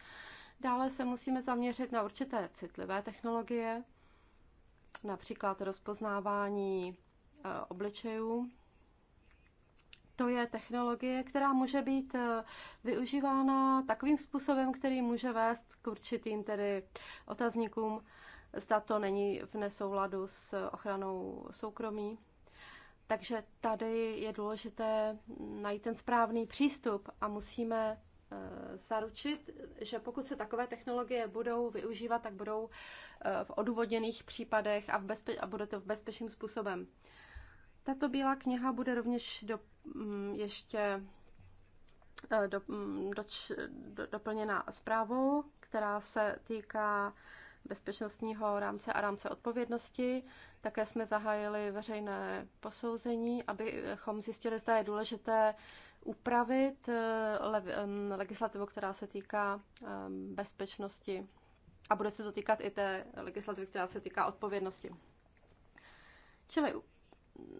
Dále se musíme zaměřit na určité citlivé technologie, například rozpoznávání Eh, obličejů. To je technologie, která může být eh, využívána takovým způsobem, který může vést k určitým tedy otazníkům, zda to není v nesouladu s ochranou soukromí. Takže tady je důležité najít ten správný přístup a musíme eh, zaručit, že pokud se takové technologie budou využívat, tak budou v odůvodněných případech a, v bezpe- a bude to v bezpečným způsobem. Tato bílá kniha bude rovněž do, mm, ještě e, do, mm, do, do, doplněna zprávou, která se týká bezpečnostního rámce a rámce odpovědnosti. Také jsme zahájili veřejné posouzení, abychom zjistili, zda je důležité upravit e, e, legislativu, která se týká bezpečnosti. A bude se to týkat i té legislativy, která se týká odpovědnosti. Čili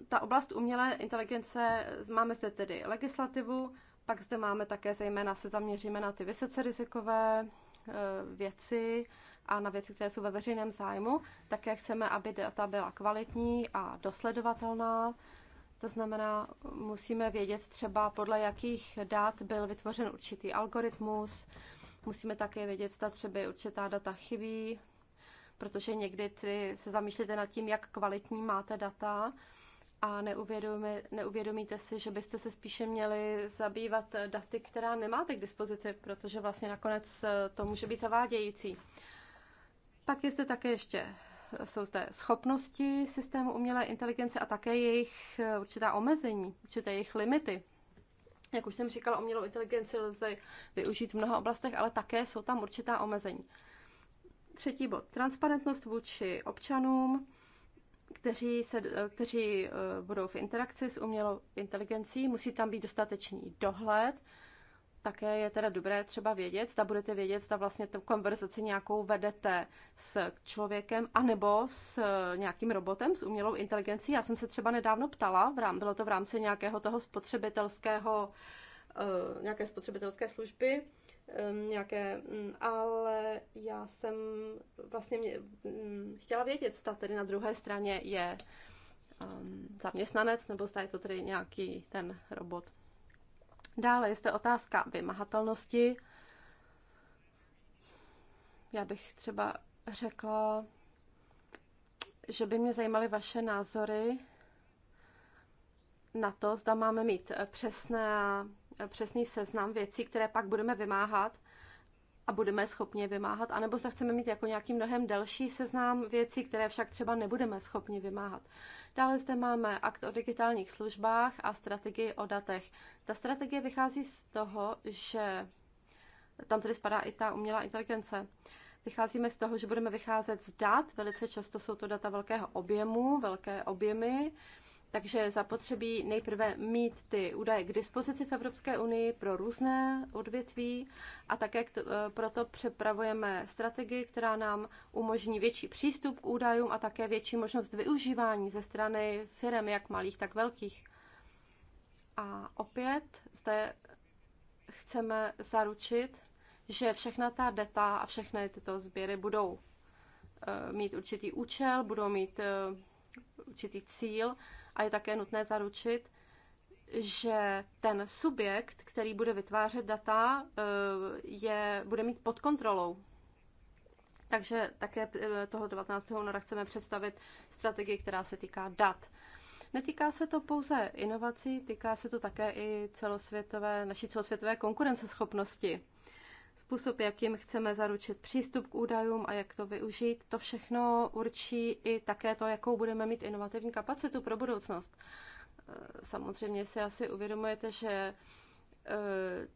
ta oblast umělé inteligence, máme zde tedy legislativu, pak zde máme také zejména se zaměříme na ty vysoce rizikové eh, věci a na věci, které jsou ve veřejném zájmu. Také chceme, aby data byla kvalitní a dosledovatelná. To znamená, musíme vědět třeba podle jakých dát byl vytvořen určitý algoritmus. Musíme také vědět, zda třeba určitá data chybí, protože někdy ty se zamýšlíte nad tím, jak kvalitní máte data a neuvědomí, neuvědomíte si, že byste se spíše měli zabývat daty, která nemáte k dispozici, protože vlastně nakonec eh, to může být zavádějící. Pak je zde také ještě eh, jsou zde schopnosti systému umělé inteligence a také jejich eh, určitá omezení, určité jejich limity. Jak už jsem říkala, umělou inteligenci lze využít v mnoha oblastech, ale také jsou tam určitá omezení. Třetí bod. Transparentnost vůči občanům kteří, se, kteří eh, budou v interakci s umělou inteligencí. Musí tam být dostatečný dohled. Také je teda dobré třeba vědět, zda budete vědět, zda vlastně tu konverzaci nějakou vedete s člověkem anebo s eh, nějakým robotem, s umělou inteligencí. Já jsem se třeba nedávno ptala, bylo to v rámci nějakého toho spotřebitelského, eh, nějaké spotřebitelské služby, nějaké, mm, ale já jsem vlastně mě, mm, chtěla vědět, zda tedy na druhé straně je um, zaměstnanec, nebo zda je to tedy nějaký ten robot. Dále je zde otázka vymahatelnosti. Já bych třeba řekla, že by mě zajímaly vaše názory na to, zda máme mít přesné přesný seznam věcí, které pak budeme vymáhat a budeme schopni vymáhat, anebo se chceme mít jako nějaký mnohem delší seznam věcí, které však třeba nebudeme schopni vymáhat. Dále zde máme akt o digitálních službách a strategii o datech. Ta strategie vychází z toho, že tam tedy spadá i ta umělá inteligence. Vycházíme z toho, že budeme vycházet z dat, velice často jsou to data velkého objemu, velké objemy, takže zapotřebí nejprve mít ty údaje k dispozici v Evropské unii pro různé odvětví a také eh, proto přepravujeme strategii, která nám umožní větší přístup k údajům a také větší možnost využívání ze strany firm, jak malých, tak velkých. A opět zde chceme zaručit, že všechna ta data a všechny tyto sběry budou eh, mít určitý účel, budou mít eh, určitý cíl a je také nutné zaručit, že ten subjekt, který bude vytvářet data, eh, je, bude mít pod kontrolou. Takže také eh, toho 19. února chceme představit strategii, která se týká dat. Netýká se to pouze inovací, týká se to také i celosvětové, naší celosvětové konkurenceschopnosti způsob, jakým chceme zaručit přístup k údajům a jak to využít, to všechno určí i také to, jakou budeme mít inovativní kapacitu pro budoucnost. Eh, samozřejmě si asi uvědomujete, že eh,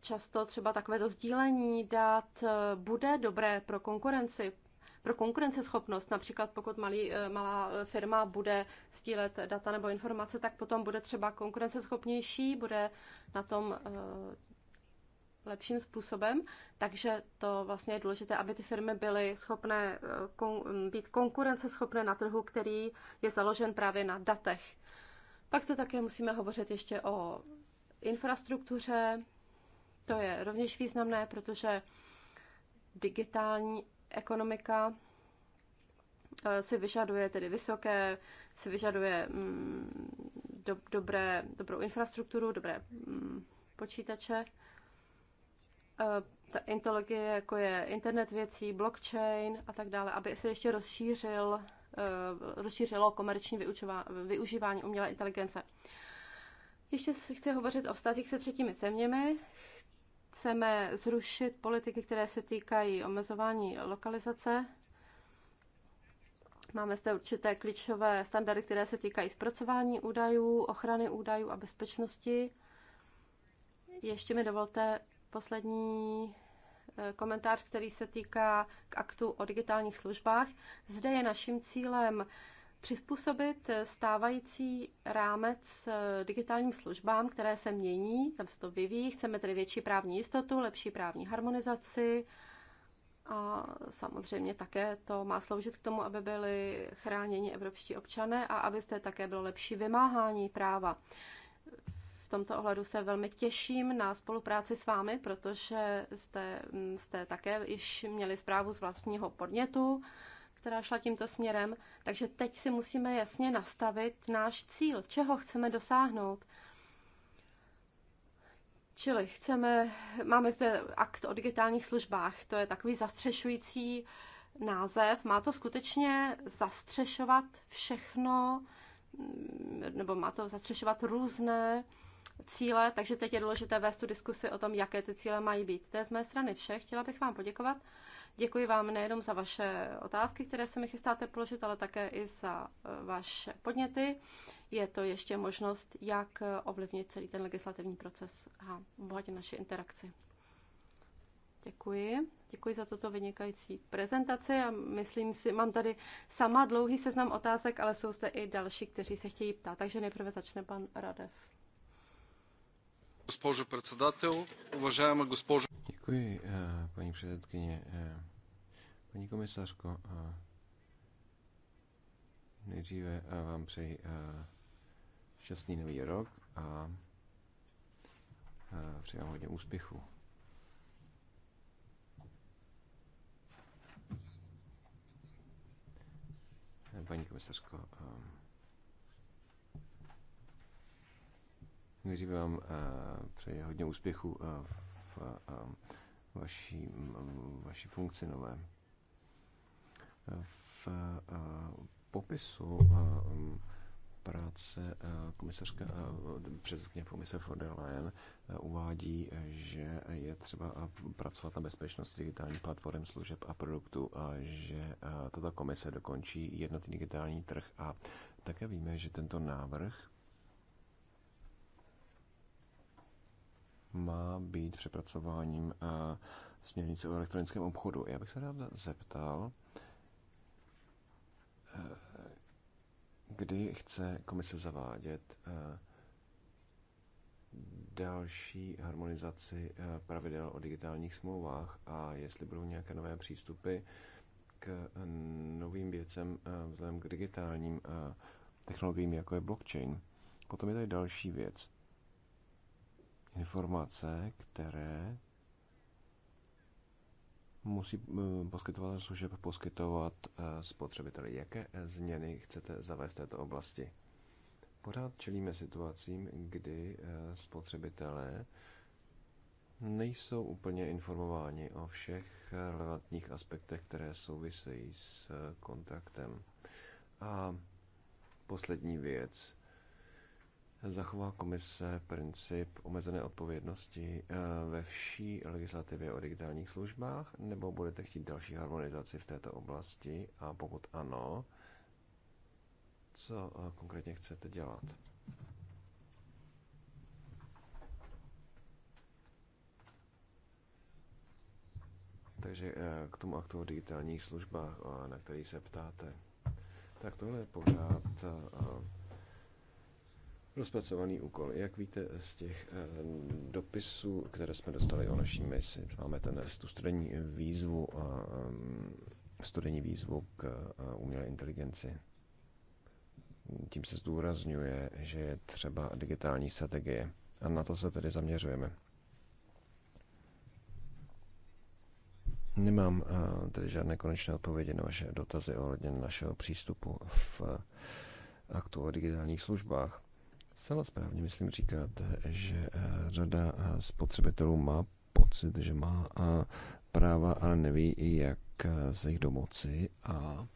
často třeba takovéto sdílení dát eh, bude dobré pro konkurenci, pro konkurenceschopnost. Například pokud malý, malá firma bude sdílet data nebo informace, tak potom bude třeba konkurenceschopnější, bude na tom lepším způsobem, takže to vlastně je důležité, aby ty firmy byly schopné eh, kon, být konkurenceschopné na trhu, který je založen právě na datech. Pak se také musíme hovořit ještě o infrastruktuře. To je rovněž významné, protože digitální ekonomika eh, si vyžaduje tedy vysoké, si vyžaduje mm, do, dobré, dobrou infrastrukturu, dobré mm, počítače. Eh, ta intologie, jako je internet věcí, blockchain a tak dále, aby se ještě rozšířil, eh, rozšířilo komerční využívání umělé inteligence. Ještě chci hovořit o vztazích se třetími zeměmi. Chceme zrušit politiky, které se týkají omezování lokalizace. Máme zde určité klíčové standardy, které se týkají zpracování údajů, ochrany údajů a bezpečnosti. Ještě mi dovolte poslední eh, komentář, který se týká k aktu o digitálních službách. Zde je naším cílem přizpůsobit stávající rámec eh, digitálním službám, které se mění, tam se to vyvíjí. Chceme tedy větší právní jistotu, lepší právní harmonizaci a samozřejmě také to má sloužit k tomu, aby byli chráněni evropští občané a aby zde také bylo lepší vymáhání práva tomto ohledu se velmi těším na spolupráci s vámi, protože jste, jste také již měli zprávu z vlastního podnětu, která šla tímto směrem. Takže teď si musíme jasně nastavit náš cíl, čeho chceme dosáhnout. Čili chceme, máme zde akt o digitálních službách, to je takový zastřešující název. Má to skutečně zastřešovat všechno, nebo má to zastřešovat různé cíle, takže teď je důležité vést tu diskusi o tom, jaké ty cíle mají být. To je z mé strany vše. Chtěla bych vám poděkovat. Děkuji vám nejenom za vaše otázky, které se mi chystáte položit, ale také i za eh, vaše podněty. Je to ještě možnost, jak eh, ovlivnit celý ten legislativní proces a obohatit naši interakci. Děkuji. Děkuji za tuto vynikající prezentaci a myslím si, mám tady sama dlouhý seznam otázek, ale jsou zde i další, kteří se chtějí ptát, takže nejprve začne pan Radev. Госпожо председател, уважаема госпожо... Děkuji, paní předsedkyně. Paní komisařko, nejdříve e, vám přeji e, šťastný nový rok a e, přeji vám hodně úspěchů. Paní komisařko, Nejdříve vám eh, přeji hodně úspěchu eh, v eh, vaší, mm, vaší funkci nové. V popisu práce komisařka, předsedkyně komise von der Leyen uvádí, že je třeba pracovat na bezpečnosti digitálních platform, služeb a produktů a že tato komise dokončí jednotný digitální trh a také víme, že tento návrh má být přepracováním eh, směrnice o elektronickém obchodu. Já bych se rád zeptal, eh, kdy chce komise zavádět eh, další harmonizaci pravidel o digitálních smlouvách a jestli budou nějaké nové přístupy k novým věcem vzhledem k digitálním technologiím, jako je blockchain. Potom je tady další věc informace, které musí eh, poskytovat služeb poskytovat eh, spotřebiteli. Jaké eh, změny chcete zavést v této oblasti? Pořád čelíme situacím, kdy spotřebitelé nejsou úplně informováni o všech relevantních aspektech, které souvisejí s kontraktem. A poslední věc zachová komise princip omezené odpovědnosti eh, ve vší legislativě o digitálních službách, nebo budete chtít další harmonizaci v této oblasti a pokud ano, co eh, konkrétně chcete dělat? Takže eh, k tomu aktu o digitálních službách, na který se ptáte, tak tohle je pořád rozpracovaný úkol. Jak víte z těch eh, dopisů, které jsme dostali o naší misi, máme ten, tu studení výzvu, ehm, studení výzvu k eh, umělé inteligenci. Tím se zdůrazňuje, že je třeba digitální strategie a na to se tedy zaměřujeme. Nemám eh, tedy žádné konečné odpovědi na vaše dotazy ohledně našeho přístupu v aktu o digitálních službách. Zcela správně, myslím, říkáte, že eh, řada eh, spotřebitelů má pocit, že má eh, práva, ale neví, jak se jich domoci a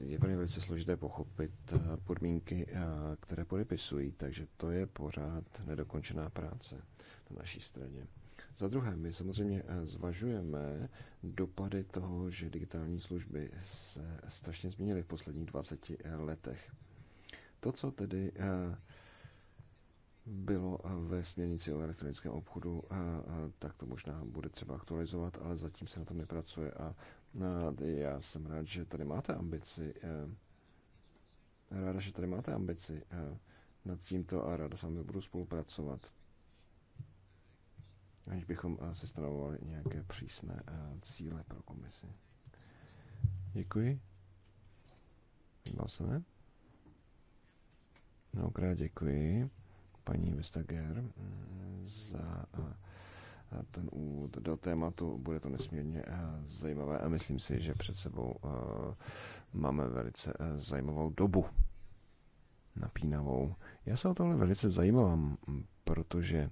je pro ně velice složité pochopit podmínky, které podepisují, takže to je pořád nedokončená práce na naší straně. Za druhé, my samozřejmě eh, zvažujeme dopady toho, že digitální služby se strašně změnily v posledních 20 eh, letech. To, co tedy eh, bylo ve směrnici o elektronickém obchodu, tak to možná bude třeba aktualizovat, ale zatím se na tom nepracuje a já jsem rád, že tady máte ambici. Ráda, že tady máte ambici nad tímto a ráda s vámi budu spolupracovat aniž bychom eh, se stanovovali nějaké přísné eh, cíle pro komisi. Děkuji. Vybal se ne? Mnohokrát děkuji paní Vestager mm, za eh, ten úvod do tématu. Bude to nesmírně zajímavé a myslím si, že před sebou máme velice zajímavou dobu. Napínavou. Já se o tohle velice zajímám, protože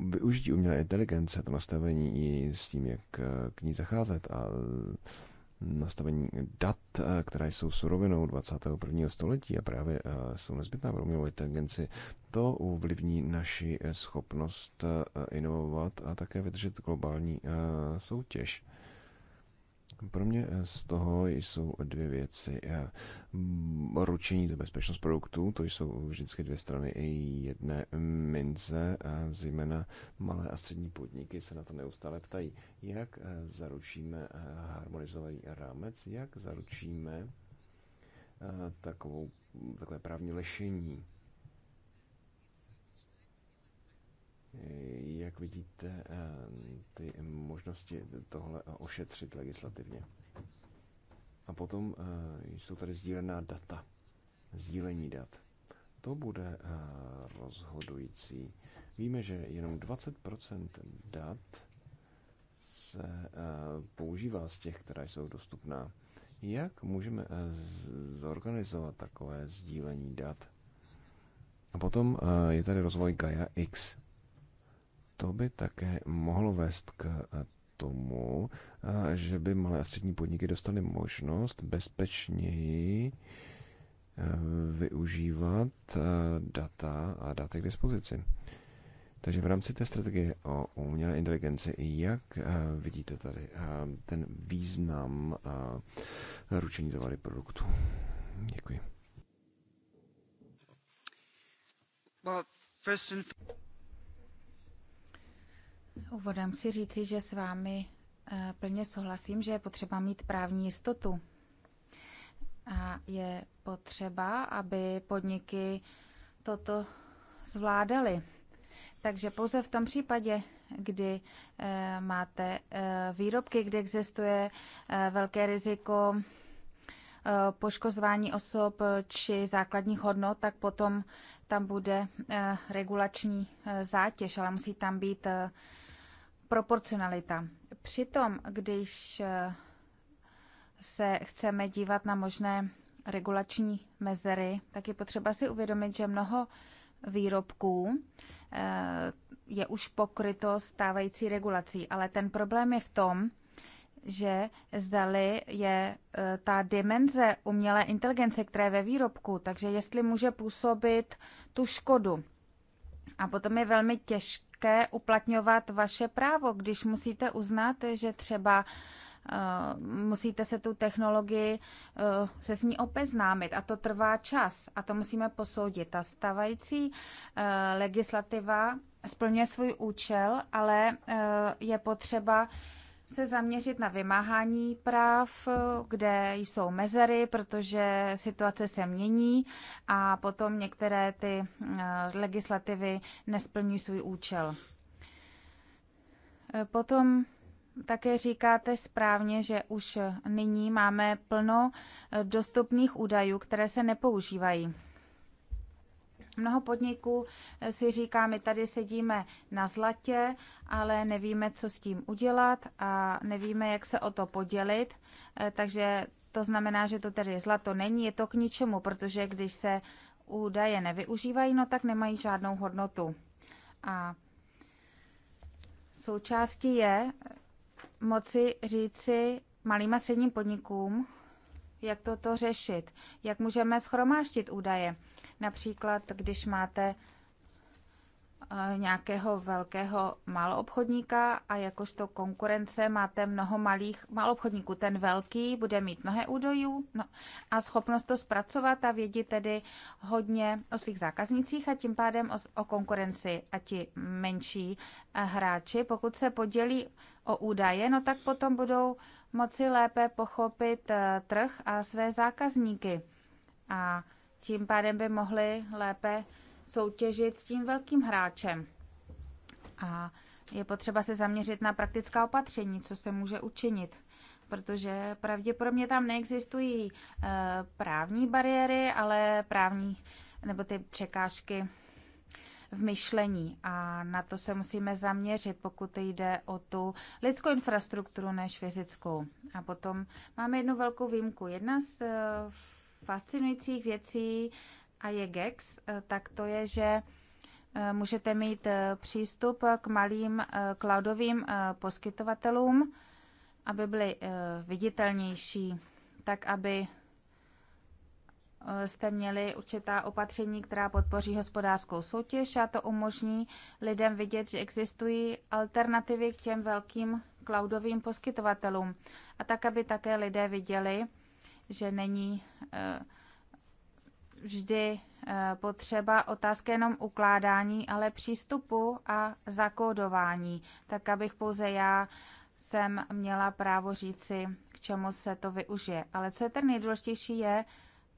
využití umělé inteligence, to nastavení i s tím, jak eh, k ní zacházet a eh, nastavení dat, eh, která jsou surovinou 21. století a právě jsou nezbytná pro umělou inteligenci, to ovlivní naši schopnost inovovat a také vydržet globální soutěž. Pro mě eh, z toho jsou dvě věci. Eh, ručení za bezpečnost produktů, to jsou vždycky dvě strany jedné mince, a zejména malé a střední podniky se na to neustále ptají. Jak eh, zaručíme harmonizovaný rámec, jak zaručíme takovou, takové právní lešení Jak vidíte eh, ty možnosti tohle ošetřit legislativně? A potom eh, jsou tady sdílená data, sdílení dat. To bude eh, rozhodující. Víme, že jenom 20% dat se používá z těch, která jsou dostupná. Jak můžeme zorganizovat takové sdílení dat? A potom je tady rozvoj Gaia X to by také mohlo vést k eh, tomu, eh, že by malé a střední podniky dostaly možnost bezpečněji eh, využívat data a data k dispozici. Takže v rámci té strategie o umělé inteligenci, jak vidíte tady ten význam ručení tovary produktu. Děkuji. Well, first and... Úvodem si říci, že s vámi eh, plně souhlasím, že je potřeba mít právní jistotu. A je potřeba, aby podniky toto zvládaly. Takže pouze v tom případě, kdy eh, máte eh, výrobky, kde existuje velké riziko Eh, poškozování osob či základních hodnot, tak potom tam bude eh, regulační eh, zátěž, ale musí tam být proporcionalita. Přitom, když se chceme dívat na možné regulační mezery, tak je potřeba si uvědomit, že mnoho výrobků je už pokryto stávající regulací, ale ten problém je v tom, že zdali je eh, ta dimenze umělé inteligence, která je ve výrobku, takže jestli může působit tu škodu. A potom je velmi těžké uplatňovat vaše právo, když musíte uznat, že třeba eh, musíte se tu technologii, eh, se s ní opeznámit a to trvá čas a to musíme posoudit. Ta stavající legislativa splňuje svůj účel, ale je potřeba se zaměřit na vymáhání práv, kde jsou mezery, protože situace se mění a potom některé ty eh, legislativy nesplňují svůj účel. Eh, potom také říkáte správně, že už nyní máme plno eh, dostupných údajů, které se nepoužívají. Mnoho podniků eh, si říká, my tady sedíme na zlatě, ale nevíme, co s tím udělat a nevíme, jak se o to podělit. Eh, takže to znamená, že to tedy zlato není, je to k ničemu, protože když se údaje nevyužívají, no tak nemají žádnou hodnotu. A součástí je moci říci malým a středním podnikům, jak toto řešit, jak můžeme schromáštit údaje. Například, když máte eh, nějakého velkého maloobchodníka a jakožto konkurence máte mnoho malých maloobchodníků. Ten velký bude mít mnohé údajů no, a schopnost to zpracovat a vědí tedy hodně o svých zákaznicích a tím pádem o, o konkurenci a ti menší eh, hráči. Pokud se podělí o údaje, no tak potom budou uh, moci lépe pochopit eh, trh a své zákazníky. A tím pádem by mohli lépe soutěžit s tím velkým hráčem. A je potřeba se zaměřit na praktická opatření, co se může učinit, protože pravděpodobně tam neexistují eh, právní bariéry, ale právní nebo ty překážky v myšlení a na to se musíme zaměřit, pokud jde o tu lidskou infrastrukturu než fyzickou. A potom máme jednu velkou výjimku. Jedna z eh, fascinujících věcí a je GEX, eh, tak to je, že eh, můžete mít přístup k malým cloudovým poskytovatelům, aby byly viditelnější, tak aby Eh, jste měli určitá opatření, která podpoří hospodářskou soutěž a to umožní lidem vidět, že existují alternativy k těm velkým cloudovým poskytovatelům. A tak, aby také lidé viděli, že není eh, vždy eh, potřeba otázky jenom ukládání, ale přístupu a zakódování, tak abych pouze já jsem měla právo říci, k čemu se to využije. Ale co je ten nejdůležitější, je,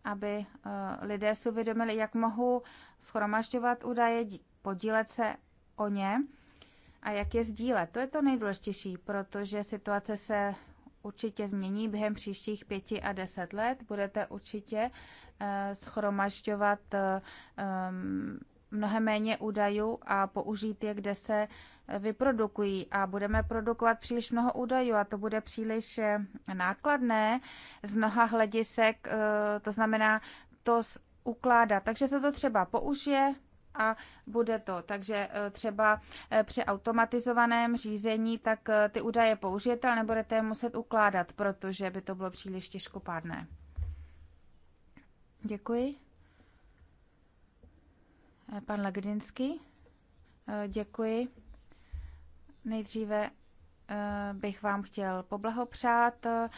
aby eh, lidé si uvědomili, jak mohou schromažďovat údaje, podílet se o ně a jak je sdílet. To je to nejdůležitější, protože situace se určitě změní během příštích pěti a deset let. Budete určitě eh, schromažďovat eh, mnohem méně údajů a použít je, kde se eh, vyprodukují. A budeme produkovat příliš mnoho údajů a to bude příliš eh, nákladné z mnoha hledisek, eh, to znamená to ukládá. Takže se to třeba použije, a bude to. Takže třeba při automatizovaném řízení, tak ty údaje použijete, ale nebudete je muset ukládat, protože by to bylo příliš těžkopádné. Děkuji. Pan Lagdinský, eh, děkuji. Nejdříve eh, bych vám chtěl poblahopřát. Eh,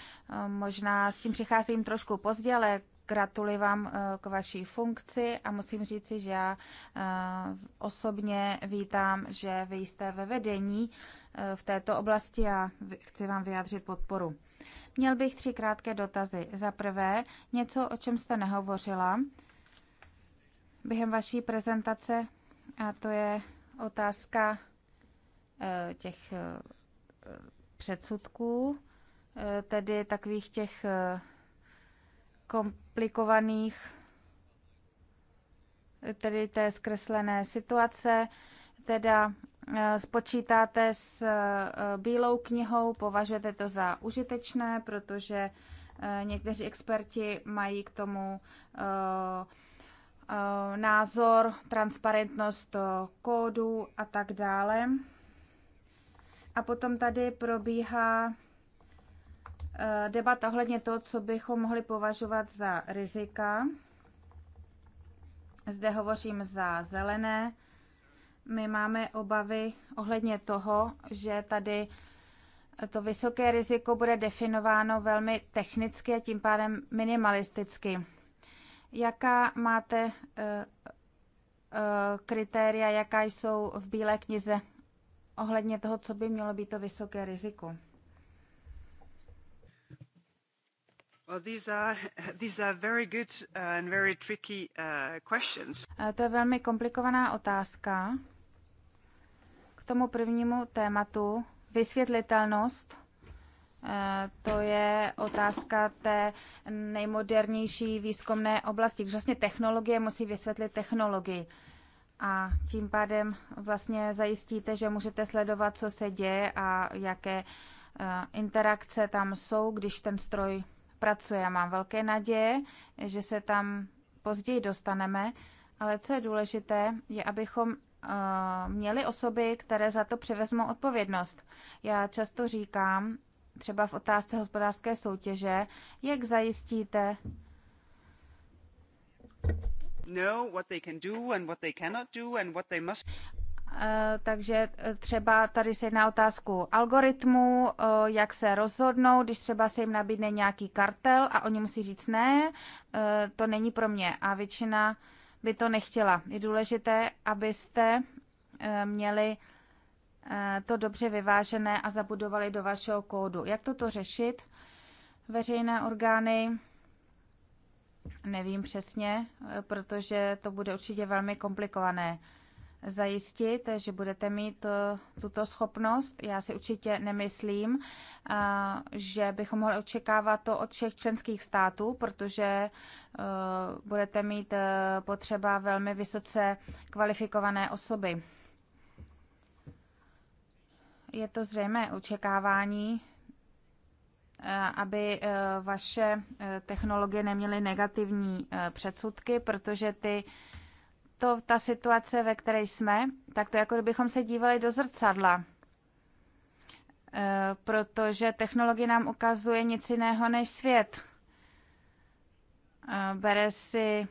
možná s tím přicházím trošku pozdě, ale gratuluji vám k vaší funkci a musím říci, že já osobně vítám, že vy jste ve vedení v této oblasti a chci vám vyjádřit podporu. Měl bych tři krátké dotazy. Za prvé, něco, o čem jste nehovořila, během vaší prezentace, a to je otázka eh, těch eh, předsudků, eh, tedy takových těch komplikovaných, tedy té zkreslené situace, teda spočítáte s bílou knihou, považujete to za užitečné, protože někteří experti mají k tomu Eh, názor, transparentnost kódu a tak dále. A potom tady probíhá eh, debata ohledně toho, co bychom mohli považovat za rizika. Zde hovořím za zelené. My máme obavy ohledně toho, že tady to vysoké riziko bude definováno velmi technicky a tím pádem minimalisticky. Jaká máte eh, eh, kritéria, jaká jsou v Bílé knize ohledně toho, co by mělo být to vysoké riziko? To je velmi komplikovaná otázka. K tomu prvnímu tématu vysvětlitelnost Eh, to je otázka té nejmodernější výzkumné oblasti. Vlastně technologie musí vysvětlit technologii. A tím pádem vlastně zajistíte, že můžete sledovat, co se děje a jaké eh, interakce tam jsou, když ten stroj pracuje. Já mám velké naděje, že se tam později dostaneme, ale co je důležité, je, abychom eh, měli osoby, které za to převezmou odpovědnost. Já často říkám, třeba v otázce hospodářské soutěže, jak zajistíte, eh, takže eh, třeba tady se jedná otázku algoritmu, eh, jak se rozhodnou, když třeba se jim nabídne nějaký kartel a oni musí říct ne, to není pro mě a většina by to nechtěla. Je důležité, abyste měli Eh, to dobře vyvážené a zabudovali do vašeho kódu. Jak toto řešit? Veřejné orgány, nevím přesně, eh, protože to bude určitě velmi komplikované zajistit, že budete mít eh, tuto schopnost. Já si určitě nemyslím, že bychom mohli očekávat to od všech členských států, protože budete mít potřeba velmi vysoce kvalifikované osoby je to zřejmé očekávání, eh, aby eh, vaše eh, technologie neměly negativní předsudky, protože ty, to, ta situace, ve které jsme, tak to jako kdybychom se dívali do zrcadla protože technologie nám ukazuje nic jiného než svět. Bere si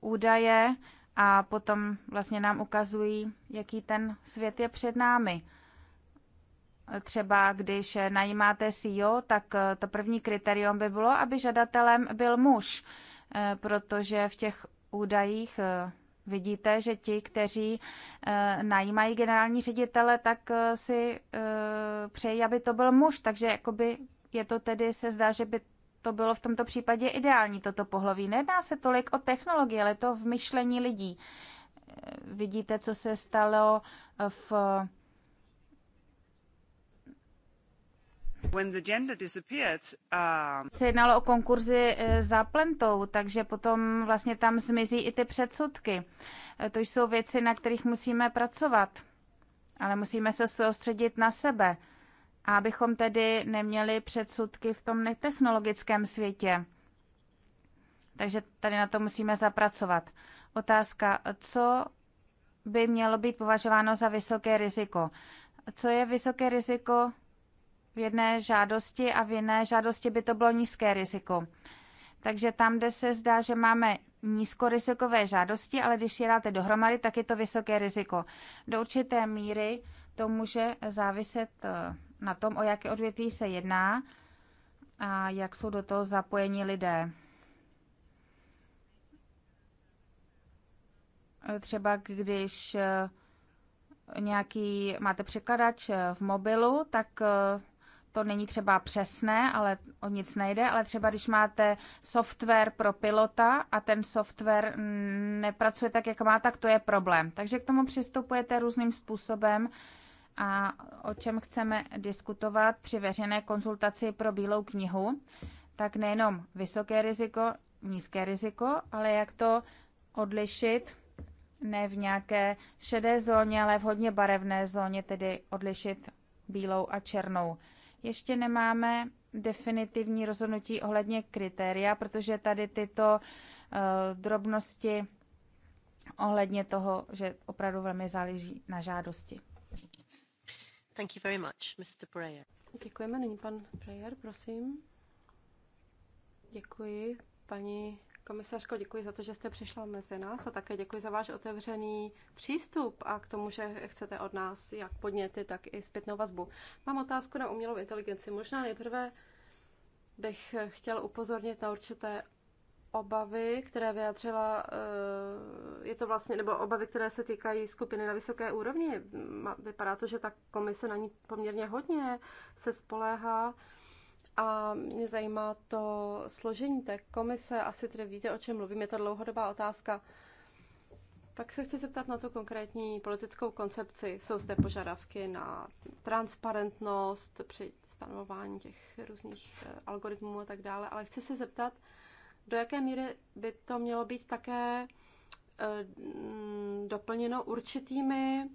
údaje a potom vlastně nám ukazují, jaký ten svět je před námi třeba když najímáte CEO, tak eh, to první kritérium by bylo, aby žadatelem byl muž, eh, protože v těch údajích eh, vidíte, že ti, kteří najímají generální ředitele, tak si přejí, aby to byl muž, takže jakoby je to tedy, se zdá, že by to bylo v tomto případě ideální, toto pohlaví. Nedá se tolik o technologie, ale to v myšlení lidí. Vidíte, co se stalo v Um, se jednalo o konkurzy e, za plentou, takže potom vlastně tam zmizí i ty předsudky. E, to jsou věci, na kterých musíme pracovat, ale musíme se soustředit na sebe, abychom tedy neměli předsudky v tom netechnologickém světě. Takže tady na to musíme zapracovat. Otázka, co by mělo být považováno za vysoké riziko? Co je vysoké riziko jedné žádosti a v jiné žádosti by to bylo nízké riziko. Takže tam, kde se zdá, že máme nízkorizikové žádosti, ale když je dáte dohromady, tak je to vysoké riziko. Do určité míry to může záviset eh, na tom, o jaké odvětví se jedná a jak jsou do toho zapojeni lidé. Eh, třeba když eh, nějaký máte překladač v mobilu, tak to není třeba přesné, ale o nic nejde, ale třeba když máte software pro pilota a ten software nepracuje tak, jak má, tak to je problém. Takže k tomu přistupujete různým způsobem a o čem chceme diskutovat při veřejné konzultaci pro Bílou knihu, tak nejenom vysoké riziko, nízké riziko, ale jak to odlišit ne v nějaké šedé zóně, ale v hodně barevné zóně, tedy odlišit bílou a černou. Ještě nemáme definitivní rozhodnutí ohledně kritéria, protože tady tyto uh, drobnosti ohledně toho, že opravdu velmi záleží na žádosti. Thank you very much, Mr. Breyer. Děkujeme. Nyní pan Breyer, prosím. Děkuji, paní Komisařko, děkuji za to, že jste přišla mezi nás a také děkuji za váš otevřený přístup a k tomu, že chcete od nás jak podněty, tak i zpětnou vazbu. Mám otázku na umělou inteligenci. Možná nejprve bych chtěl upozornit na určité obavy, které vyjadřila, eh, je to vlastně, nebo obavy, které se týkají skupiny na vysoké úrovni. Vypadá to, že ta komise na ní poměrně hodně se spoléhá a mě zajímá to složení té komise. Asi tedy víte, o čem mluvím, je to dlouhodobá otázka. Pak se chci zeptat na tu konkrétní politickou koncepci. Jsou zde požadavky na transparentnost při stanovování těch různých eh, algoritmů a tak dále, ale chci se zeptat, do jaké míry by to mělo být také eh, mm, doplněno určitými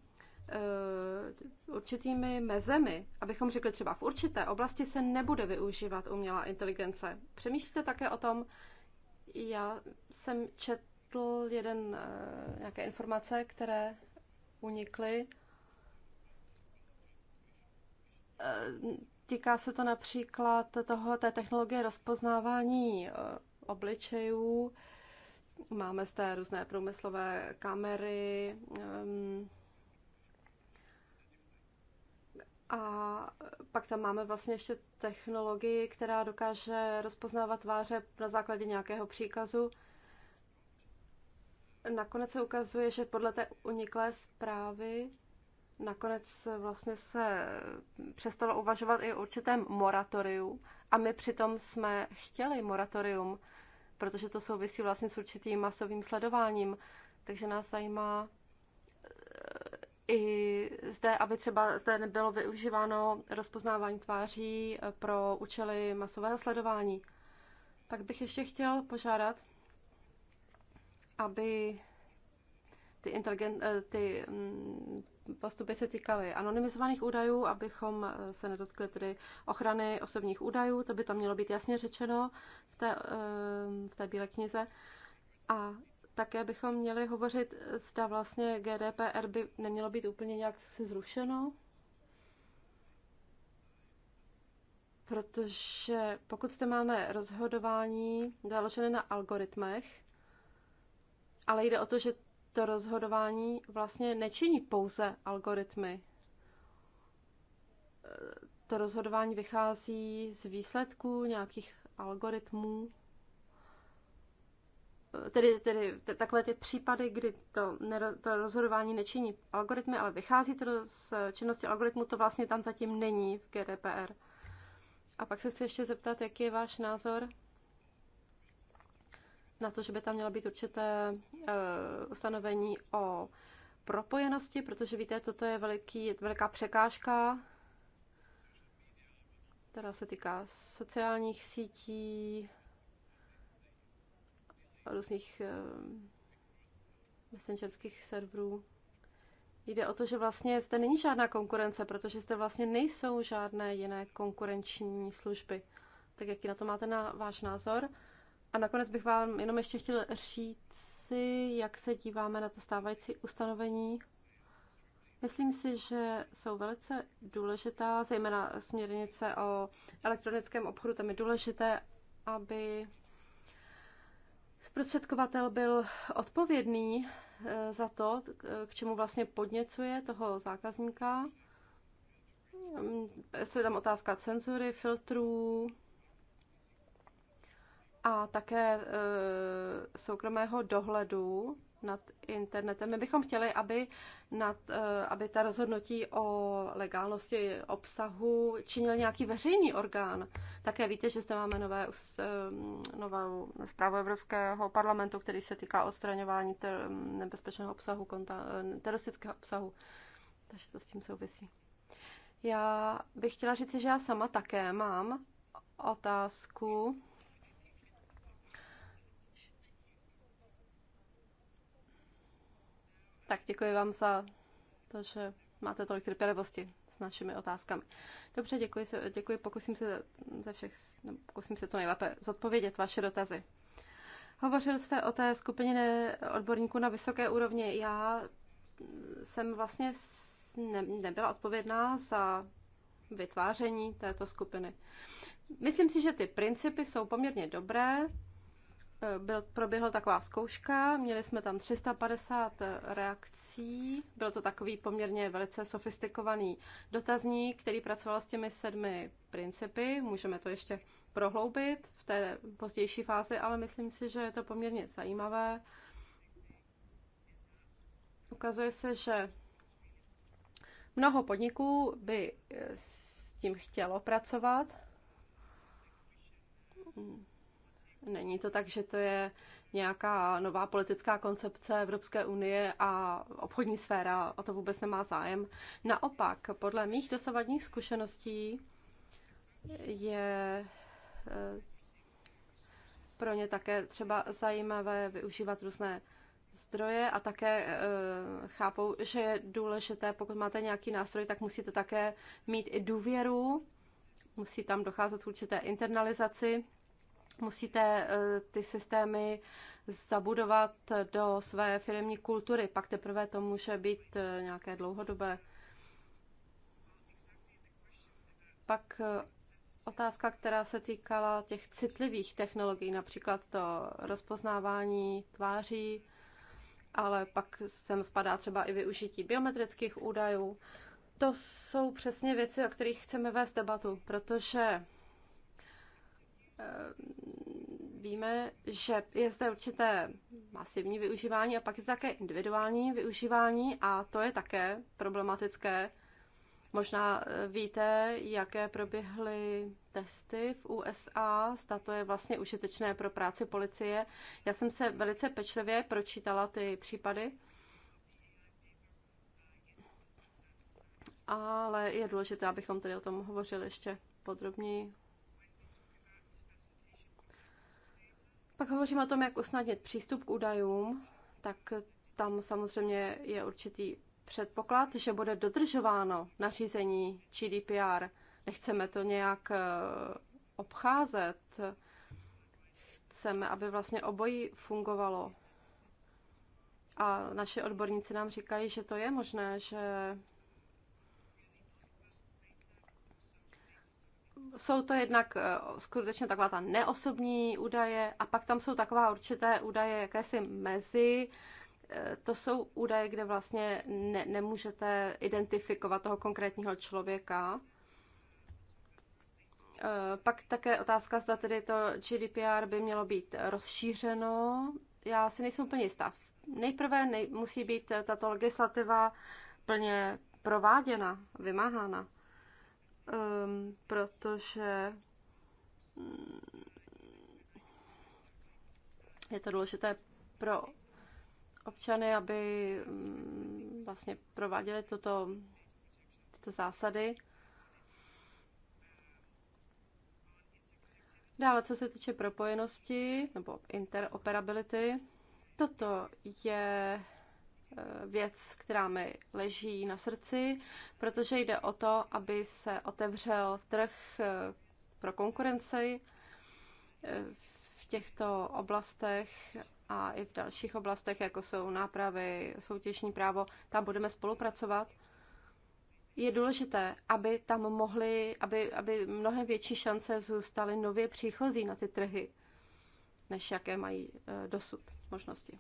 Eh, určitými mezemi, abychom řekli třeba v určité oblasti se nebude využívat umělá inteligence. Přemýšlíte také o tom, já jsem četl jeden, eh, nějaké informace, které unikly. Eh, týká se to například toho, té technologie rozpoznávání obličejů. Máme zde různé průmyslové kamery, ehm, a pak tam máme vlastně ještě technologii, která dokáže rozpoznávat tváře na základě nějakého příkazu. Nakonec se ukazuje, že podle té uniklé zprávy nakonec vlastně se přestalo uvažovat i o určitém moratoriu a my přitom jsme chtěli moratorium, protože to souvisí vlastně s určitým masovým sledováním. Takže nás zajímá, i zde, aby třeba zde nebylo využíváno rozpoznávání tváří pro účely masového sledování. Pak bych ještě chtěl požádat, aby ty, inteligent, eh, ty mm, postupy se týkaly anonymizovaných údajů, abychom eh, se nedotkli tedy ochrany osobních údajů, to by tam mělo být jasně řečeno v té, eh, v té bílé knize. A také bychom měli hovořit, zda vlastně GDPR by nemělo být úplně nějak zrušeno, protože pokud zde máme rozhodování založené na algoritmech, ale jde o to, že to rozhodování vlastně nečiní pouze algoritmy. To rozhodování vychází z výsledků nějakých algoritmů tedy, tedy takové ty případy, kdy to, to rozhodování nečiní algoritmy, ale vychází to z činnosti algoritmu, to vlastně tam zatím není v GDPR. A pak se chci ještě zeptat, jaký je váš názor na to, že by tam mělo být určité uh, ustanovení o propojenosti, protože víte, toto je veliký, veliká překážka, která se týká sociálních sítí, různých eh, messengerských serverů. Jde o to, že vlastně zde není žádná konkurence, protože zde vlastně nejsou žádné jiné konkurenční služby. Tak jaký na to máte na váš názor? A nakonec bych vám jenom ještě chtěl říct si, jak se díváme na to stávající ustanovení. Myslím si, že jsou velice důležitá, zejména směrnice o elektronickém obchodu, tam je důležité, aby Zprostředkovatel byl odpovědný e, za to, k čemu vlastně podněcuje toho zákazníka. Mm, Je tam otázka cenzury, filtrů a také e, soukromého dohledu nad internetem. My bychom chtěli, aby, nad, eh, aby ta rozhodnutí o legálnosti obsahu činil nějaký veřejný orgán. Také víte, že zde máme nové, eh, novou zprávu Evropského parlamentu, který se týká odstraňování ter, nebezpečného obsahu, konta, eh, teroristického obsahu. Takže to s tím souvisí. Já bych chtěla říct, že já sama také mám otázku Tak děkuji vám za to, že máte tolik trpělivosti s našimi otázkami. Dobře, děkuji, se, děkuji pokusím se ze všech, pokusím se co nejlépe zodpovědět vaše dotazy. Hovořil jste o té skupině odborníků na vysoké úrovni. Já jsem vlastně ne, nebyla odpovědná za vytváření této skupiny. Myslím si, že ty principy jsou poměrně dobré, Eh, byl, proběhla taková zkouška, měli jsme tam 350 eh, reakcí, byl to takový poměrně velice sofistikovaný dotazník, který pracoval s těmi sedmi principy, můžeme to ještě prohloubit v té pozdější fázi, ale myslím si, že je to poměrně zajímavé. Ukazuje se, že mnoho podniků by eh, s tím chtělo pracovat. Není to tak, že to je nějaká nová politická koncepce Evropské unie a obchodní sféra o to vůbec nemá zájem. Naopak, podle mých dosavadních zkušeností je eh, pro ně také třeba zajímavé využívat různé zdroje a také eh, chápou, že je důležité, pokud máte nějaký nástroj, tak musíte také mít i důvěru, musí tam docházet k určité internalizaci musíte eh, ty systémy zabudovat do své firmní kultury, pak teprve to může být eh, nějaké dlouhodobé. Pak eh, otázka, která se týkala těch citlivých technologií, například to rozpoznávání tváří, ale pak sem spadá třeba i využití biometrických údajů. To jsou přesně věci, o kterých chceme vést debatu, protože víme, že je zde určité masivní využívání a pak je zde také individuální využívání a to je také problematické. Možná eh, víte, jaké proběhly testy v USA, zda to je vlastně užitečné pro práci policie. Já jsem se velice pečlivě pročítala ty případy, ale je důležité, abychom tedy o tom hovořili ještě podrobněji Pak hovořím o tom, jak usnadnit přístup k údajům, tak tam samozřejmě je určitý předpoklad, že bude dodržováno nařízení GDPR. Nechceme to nějak eh, obcházet. Chceme, aby vlastně obojí fungovalo. A naše odborníci nám říkají, že to je možné, že jsou to jednak eh, skutečně taková ta neosobní údaje a pak tam jsou taková určité údaje jakési mezi. Eh, to jsou údaje, kde vlastně ne, nemůžete identifikovat toho konkrétního člověka. Eh, pak také otázka, zda tedy to GDPR by mělo být rozšířeno. Já si nejsem úplně jistá. Nejprve nej, musí být tato legislativa plně prováděna, vymáhána um, protože mm, je to důležité pro občany, aby mm, vlastně prováděli toto, tyto zásady. Dále, co se týče propojenosti nebo interoperability, toto je Eh, věc, která mi leží na srdci, protože jde o to, aby se otevřel trh eh, pro konkurenci eh, v těchto oblastech a i v dalších oblastech, jako jsou nápravy, soutěžní právo, tam budeme spolupracovat. Je důležité, aby tam mohly, aby, aby mnohem větší šance zůstaly nově příchozí na ty trhy, než jaké mají dosud možnosti.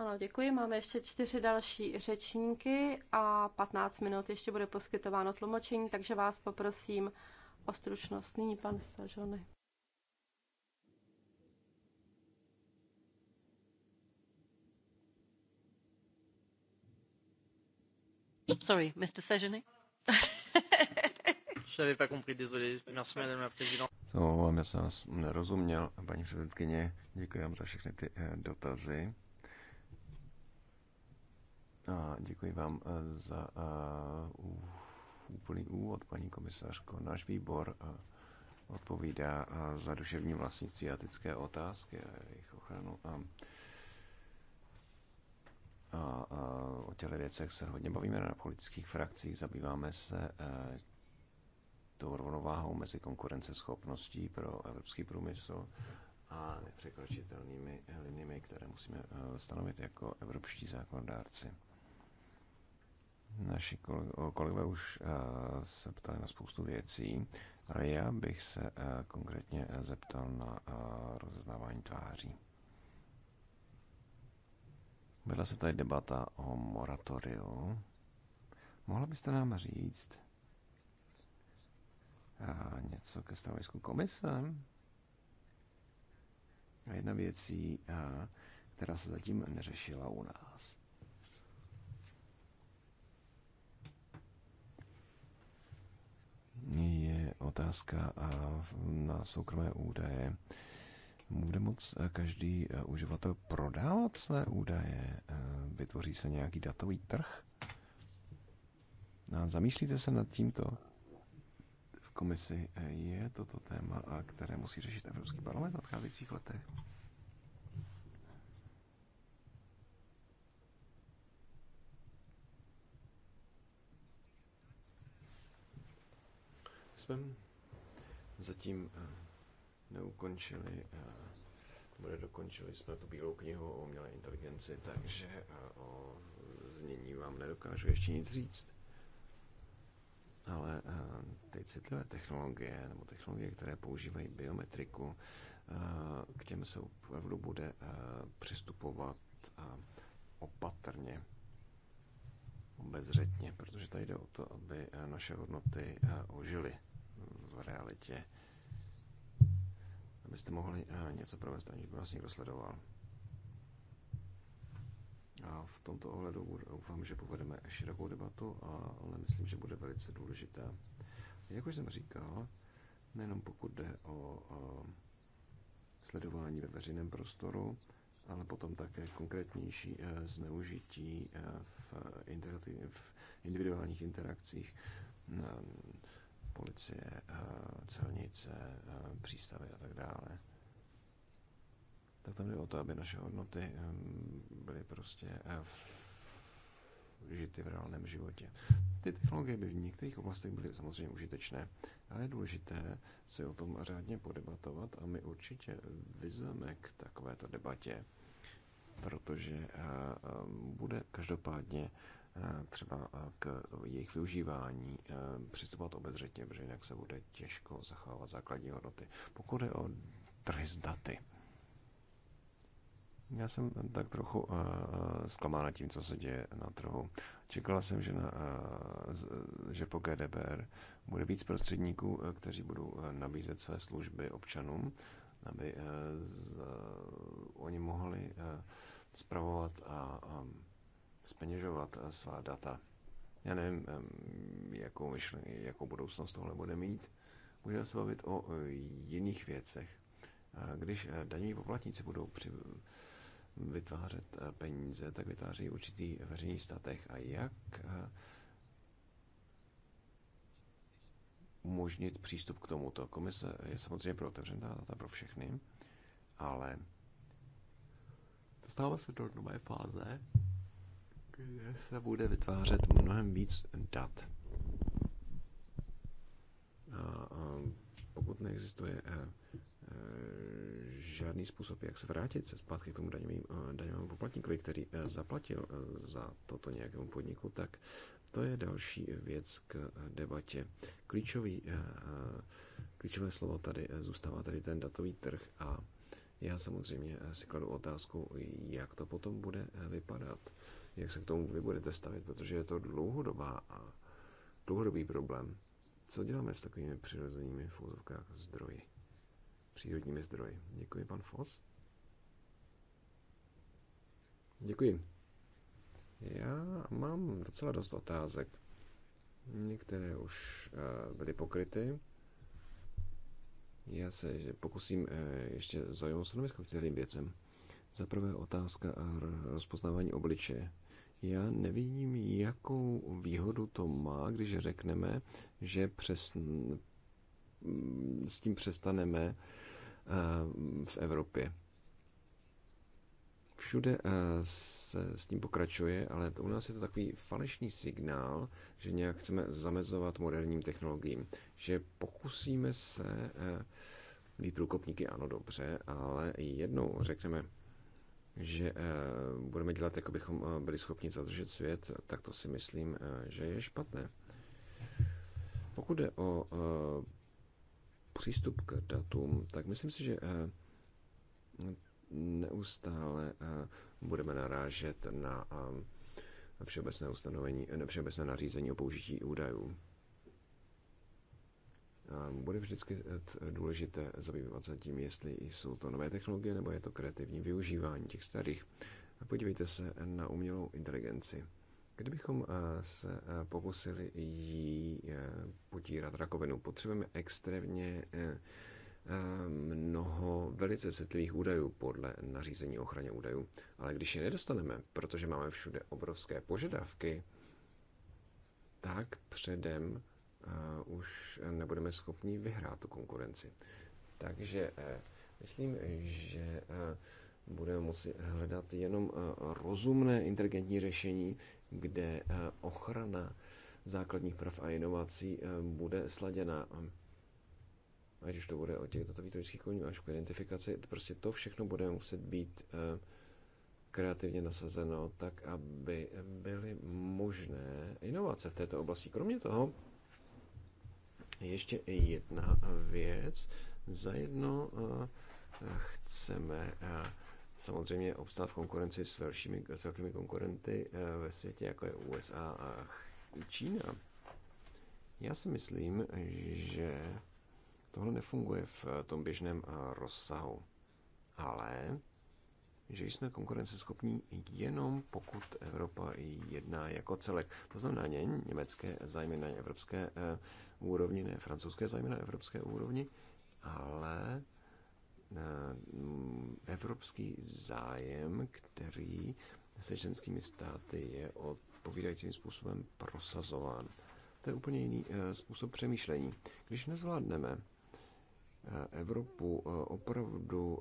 Ano, děkuji. Máme ještě čtyři další řečníky a 15 minut ještě bude poskytováno tlumočení, takže vás poprosím o stručnost. Nyní pan Sažony. Sorry, Mr. Sajani. Omlouvám, já jsem nerozuměl, paní předsedkyně. Děkuji vám za všechny ty eh, dotazy. A děkuji vám eh, za eh, úplný úvod, paní komisařko. Náš výbor eh, odpovídá za duševní vlastnictví a etické otázky a jejich ochranu. A, a, a o těchto věcech se hodně bavíme na politických frakcích, zabýváme se tou rovnováhou mezi konkurenceschopností pro evropský průmysl a nepřekročitelnými liniemi, které musíme stanovit jako evropští zákonodárci. Naši kolegové už eh, se ptali na spoustu věcí, ale já bych se eh, konkrétně eh, zeptal na rozeznávání tváří. Vedla se tady debata o moratoriu. Mohla byste nám říct něco ke stanovisku komise? A jedna věcí, která se zatím neřešila u nás. je otázka na soukromé údaje. Bude moc eh, každý eh, uživatel prodávat své údaje? Eh, vytvoří se nějaký datový trh? A zamýšlíte se nad tímto? V komisi je toto téma, které musí řešit Evropský parlament v nadcházejících letech. Zatím eh, neukončili, eh, bude dokončili jsme tu bílou knihu o umělé inteligenci, takže eh, o znění vám nedokážu ještě nic říct. Ale ty citlivé technologie nebo technologie, které používají biometriku, k těm se opravdu bude přistupovat opatrně obezřetně, protože tady jde o to, aby naše hodnoty ožily v realitě, abyste mohli eh, něco provést, aniž by vás někdo sledoval. A v tomto ohledu doufám, že povedeme širokou debatu, ale myslím, že bude velice důležitá. Jak už jsem říkal, nejenom pokud jde o eh, sledování ve veřejném prostoru, ale potom také konkrétnější eh, zneužití v, v individuálních interakcích, policie, eh, celnice, eh, přístavy a tak dále. Tak tam jde o to, aby naše hodnoty eh, byly prostě žity v reálném životě. Ty technologie by v některých oblastech byly samozřejmě užitečné, ale je důležité si o tom řádně podebatovat a my určitě vyzveme k takovéto debatě, protože bude každopádně Eh, třeba eh, k jejich využívání eh, přistupovat obezřetně, protože jinak se bude těžko zachovávat základní hodnoty. Pokud je o trhy s daty, já jsem tak trochu uh, zklamána tím, co se děje na trhu. Čekala jsem, že, na, uh, že po GDPR bude víc prostředníků, kteří budou nabízet své služby občanům, aby uh, z, uh, oni mohli uh, spravovat a um, speněžovat svá data. Já nevím, jakou, myšlení, jakou budoucnost tohle bude mít. Můžeme se bavit o e, jiných věcech. Když e, daňoví poplatníci budou při, vytvářet e, peníze, tak vytváří určitý veřejný statech. A jak umožnit přístup k tomuto? Komise je samozřejmě pro otevřená data pro všechny, ale stává se do nové fáze, kde se bude vytvářet mnohem víc dat. A, a pokud neexistuje e, e, žádný způsob, jak se vrátit se zpátky k tomu daňovým, e, daňovému poplatníkovi, který zaplatil za toto nějakému podniku, tak to je další věc k debatě. Klíčový, klíčové slovo tady zůstává tady ten datový trh a já samozřejmě si kladu otázku, jak to potom bude vypadat jak se k tomu vy budete stavit, protože je to dlouhodobá a dlouhodobý problém. Co děláme s takovými přirozenými v zdroji? Přírodními zdroji. Děkuji, pan Fos. Děkuji. Já mám docela dost otázek. Některé už eh, byly pokryty. Já se pokusím eh, ještě zajímat stanovisko k těm věcem. Za prvé otázka eh, rozpoznávání obličeje. Já nevidím, jakou výhodu to má, když řekneme, že přes, s tím přestaneme eh, v Evropě. Všude eh, se s tím pokračuje, ale u nás je to takový falešný signál, že nějak chceme zamezovat moderním technologiím, že pokusíme se být eh, průkopníky, ano, dobře, ale jednou řekneme, že eh, budeme dělat, jako bychom eh, byli schopni zadržet svět, tak to si myslím, eh, že je špatné. Pokud jde o přístup k datům, tak myslím si, že neustále budeme narážet na všeobecné ustanovení, všeobecné nařízení o použití údajů bude vždycky eh, eh, důležité zabývat se tím, jestli jsou to nové technologie nebo je to kreativní využívání těch starých. Podívejte se na umělou inteligenci. Kdybychom eh, se pokusili jí potírat rakovinu, potřebujeme extrémně mnoho velice citlivých údajů podle nařízení ochraně údajů. Ale když je nedostaneme, protože máme všude obrovské požadavky, tak předem už nebudeme schopni vyhrát tu konkurenci. Takže eh, myslím, že eh, budeme moci hledat jenom eh, rozumné, inteligentní řešení, kde ochrana základních prav a inovací bude sladěna. Ať už to bude o těch datových koní až k identifikaci, prostě to všechno bude muset být kreativně nasazeno tak, aby byly možné inovace v této oblasti. Kromě toho, ještě jedna věc. Zajedno eh, chceme eh, samozřejmě obstát v konkurenci s velkými, s velkými konkurenty eh, ve světě, jako je USA a Čína. Já si myslím, že tohle nefunguje v tom běžném rozsahu. Ale že jsme konkurenceschopní jenom pokud Evropa jedná jako celek. To znamená ne německé zájmy na evropské eh, úrovni, ne francouzské zájmy na evropské úrovni, ale eh, evropský zájem, který se ženskými státy je odpovídajícím způsobem prosazován. To je úplně jiný eh, způsob přemýšlení. Když nezvládneme Evropu opravdu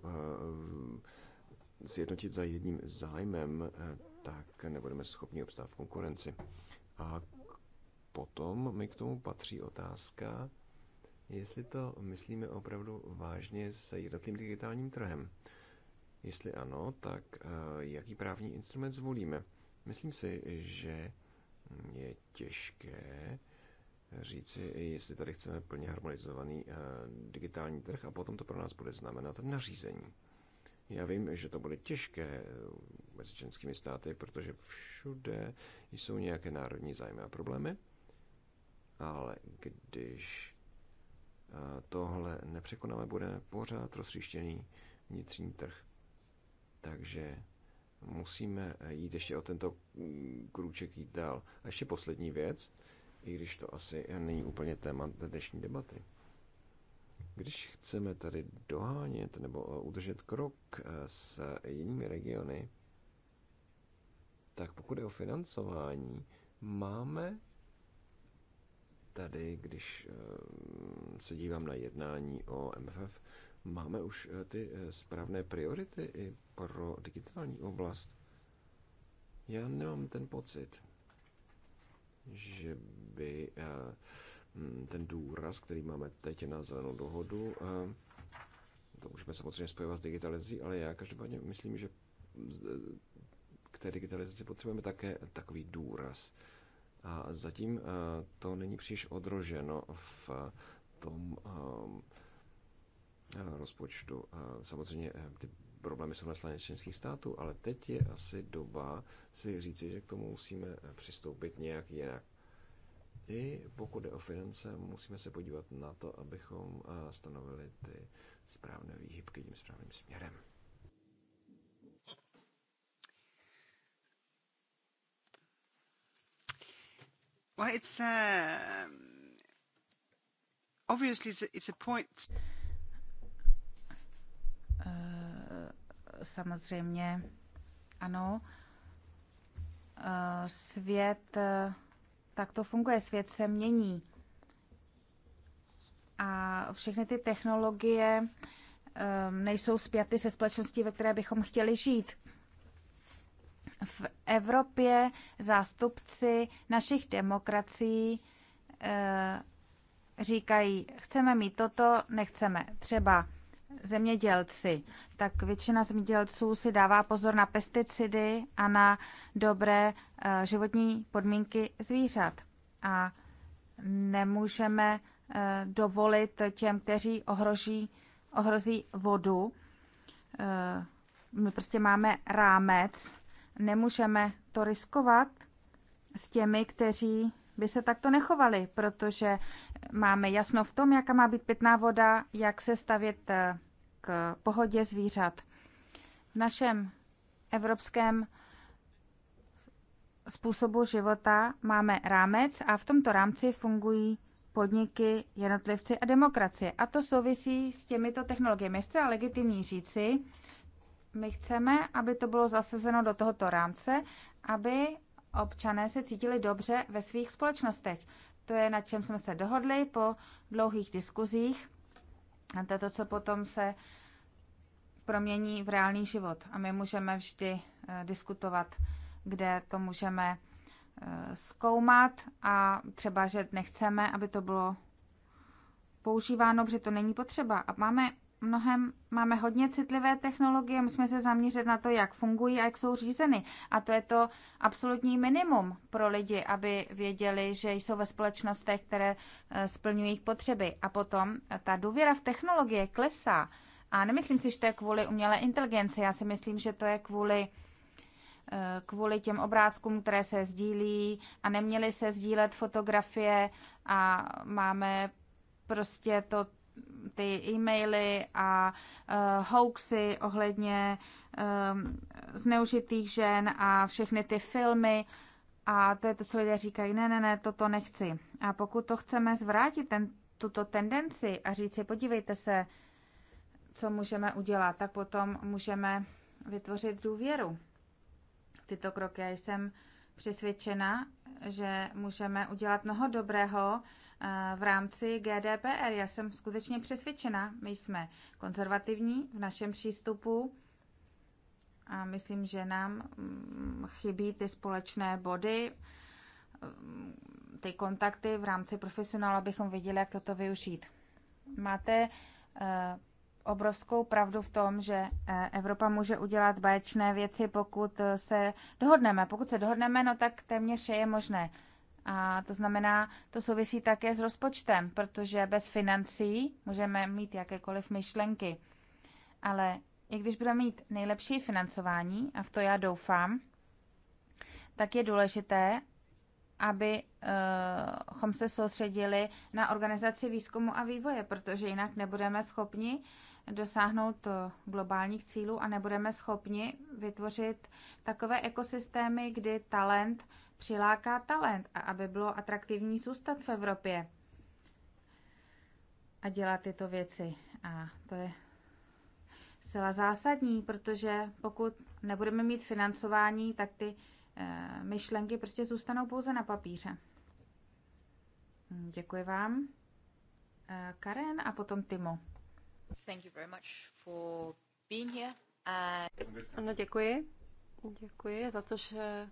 sjednotit za jedním zájmem, eh, tak nebudeme schopni obstát v konkurenci. A potom mi k tomu patří otázka, jestli to myslíme opravdu vážně s jednotlivým digitálním trhem. Jestli ano, tak eh, jaký právní instrument zvolíme? Myslím si, že je těžké říci, jestli tady chceme plně harmonizovaný eh, digitální trh a potom to pro nás bude znamenat nařízení. Já vím, že to bude těžké eh, mezi členskými státy, protože všude jsou nějaké národní zájmy a problémy, ale když eh, tohle nepřekonáme, budeme pořád rozříštěný vnitřní trh. Takže musíme eh, jít ještě o tento mm, krůček jít dál. A ještě poslední věc, i když to asi není úplně téma dnešní debaty. Když chceme tady dohánět nebo eh, udržet krok eh, s jinými regiony, tak pokud je o financování, máme tady, když eh, se dívám na jednání o MFF, máme už ty správné priority i pro digitální oblast. Já nemám ten pocit, že by Mm, ten důraz, který máme teď na zelenou dohodu, to můžeme samozřejmě spojovat s digitalizací, ale já každopádně myslím, že k té digitalizaci potřebujeme také takový důraz. A zatím to není příliš odroženo v tom rozpočtu. Samozřejmě e, ty problémy jsou na straně členských států, ale teď je asi doba si říci, že k tomu musíme přistoupit nějak jinak. I pokud je o finance, musíme se podívat na to, abychom eh, stanovili ty správné výhybky tím správným směrem. Well, it's, uh, obviously it's a, it's a point. Uh, samozřejmě, ano. Uh, svět uh, tak to funguje, svět se mění. A všechny ty technologie ehm, nejsou spjaty se společností, ve které bychom chtěli žít. V Evropě zástupci našich demokracií ehm, říkají, chceme mít toto, nechceme. Třeba zemědělci, tak většina zemědělců si dává pozor na pesticidy a na dobré eh, životní podmínky zvířat. A nemůžeme eh, dovolit těm, kteří ohroží, ohrozí vodu. Eh, my prostě máme rámec, nemůžeme to riskovat s těmi, kteří by se takto nechovali, protože máme jasno v tom, jaká má být pitná voda, jak se stavět k pohodě zvířat. V našem evropském způsobu života máme rámec a v tomto rámci fungují podniky, jednotlivci a demokracie. A to souvisí s těmito technologiemi. Je zcela legitimní říci, my chceme, aby to bylo zasazeno do tohoto rámce, aby občané se cítili dobře ve svých společnostech. To je, na čem jsme se dohodli po dlouhých diskuzích to, co potom se promění v reálný život. A my můžeme vždy eh, diskutovat, kde to můžeme eh, zkoumat a třeba, že nechceme, aby to bylo používáno, protože to není potřeba. A máme mnohem, máme hodně citlivé technologie, musíme se zaměřit na to, jak fungují a jak jsou řízeny. A to je to absolutní minimum pro lidi, aby věděli, že jsou ve společnostech, které eh, splňují jejich potřeby. A potom eh, ta důvěra v technologie klesá. A nemyslím si, že to je kvůli umělé inteligenci, já si myslím, že to je kvůli eh, kvůli těm obrázkům, které se sdílí a neměly se sdílet fotografie a máme prostě to ty e-maily a uh, hoaxy ohledně um, zneužitých žen a všechny ty filmy. A to je to, co lidé říkají, ne, ne, ne, toto nechci. A pokud to chceme zvrátit, ten, tuto tendenci a říct si, podívejte se, co můžeme udělat, tak potom můžeme vytvořit důvěru. Tyto kroky já jsem uh, přesvědčena, že můžeme udělat mnoho dobrého eh, v rámci GDPR. Já jsem skutečně přesvědčena. My jsme konzervativní v našem přístupu a myslím, že nám mm, chybí ty společné body, mm, ty kontakty v rámci profesionálu, abychom viděli, jak toto využít. Máte eh, obrovskou pravdu v tom, že eh, Evropa může udělat báječné věci, pokud eh, se dohodneme. Pokud se dohodneme, no tak téměř je možné. A to znamená, to souvisí také s rozpočtem, protože bez financí můžeme mít jakékoliv myšlenky. Ale i když budeme mít nejlepší financování, a v to já doufám, tak je důležité, abychom eh, se soustředili na organizaci výzkumu a vývoje, protože jinak nebudeme schopni dosáhnout eh, globálních cílů a nebudeme schopni vytvořit takové ekosystémy, kdy talent přiláká talent a aby bylo atraktivní zůstat v Evropě a dělat tyto věci. A to je zcela zásadní, protože pokud nebudeme mít financování, tak ty Eh, myšlenky prostě zůstanou pouze na papíře. Hm, děkuji vám. Eh, Karen a potom Timo. Thank you very much for being here. Eh, ano, děkuji. Děkuji za to, že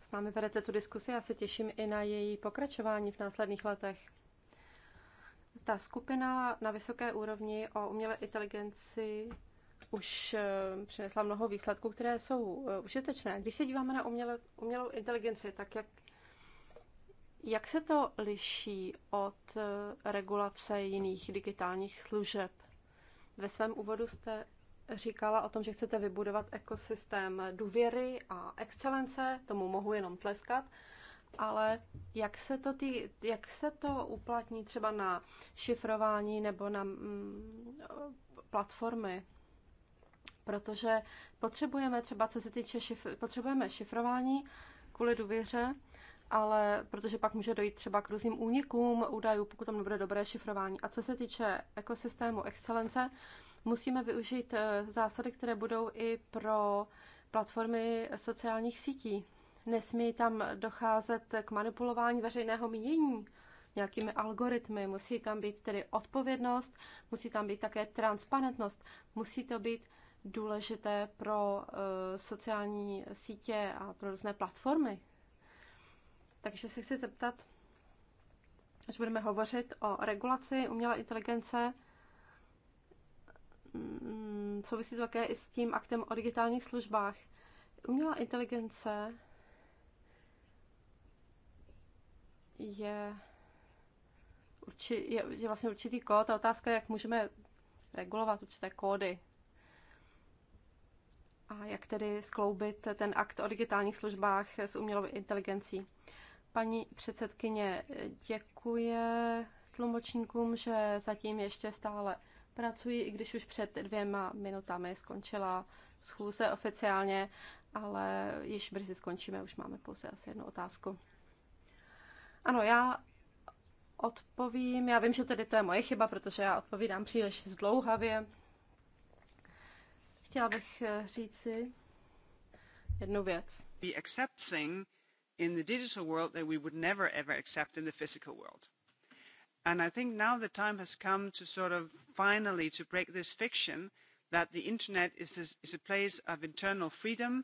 s námi vedete tu diskusi. Já se těším i na její pokračování v následných letech. Ta skupina na vysoké úrovni o umělé inteligenci už eh, přinesla mnoho výsledků, které jsou eh, užitečné. Když se díváme na uměle, umělou inteligenci, tak jak, jak se to liší od eh, regulace jiných digitálních služeb? Ve svém úvodu jste říkala o tom, že chcete vybudovat ekosystém důvěry a excelence, tomu mohu jenom tleskat, ale jak se to, ty, jak se to uplatní třeba na šifrování nebo na mm, platformy? protože potřebujeme třeba, co se týče šif- potřebujeme šifrování kvůli důvěře, ale protože pak může dojít třeba k různým únikům údajů, pokud tam nebude dobré šifrování. A co se týče ekosystému excelence, musíme využít eh, zásady, které budou i pro platformy sociálních sítí. Nesmí tam docházet k manipulování veřejného mínění nějakými algoritmy, musí tam být tedy odpovědnost, musí tam být také transparentnost, musí to být důležité pro eh, sociální sítě a pro různé platformy. Takže se chci zeptat, až budeme hovořit o regulaci umělé inteligence, mm, souvisí to také i s tím aktem o digitálních službách. Umělá inteligence je, urči, je, je vlastně určitý kód a otázka je, jak můžeme regulovat určité kódy a jak tedy skloubit ten akt o digitálních službách s umělou inteligencí. Paní předsedkyně děkuje tlumočníkům, že zatím ještě stále pracují, i když už před dvěma minutami skončila schůze oficiálně, ale již brzy skončíme, už máme pouze asi jednu otázku. Ano, já odpovím. Já vím, že tedy to je moje chyba, protože já odpovídám příliš zdlouhavě. Chtěla bych eh, říci jednu věc. We accept in the digital world that we would never ever accept in the physical world. And I think now the time has come to sort of finally to break this fiction that the internet is a, is a place of internal freedom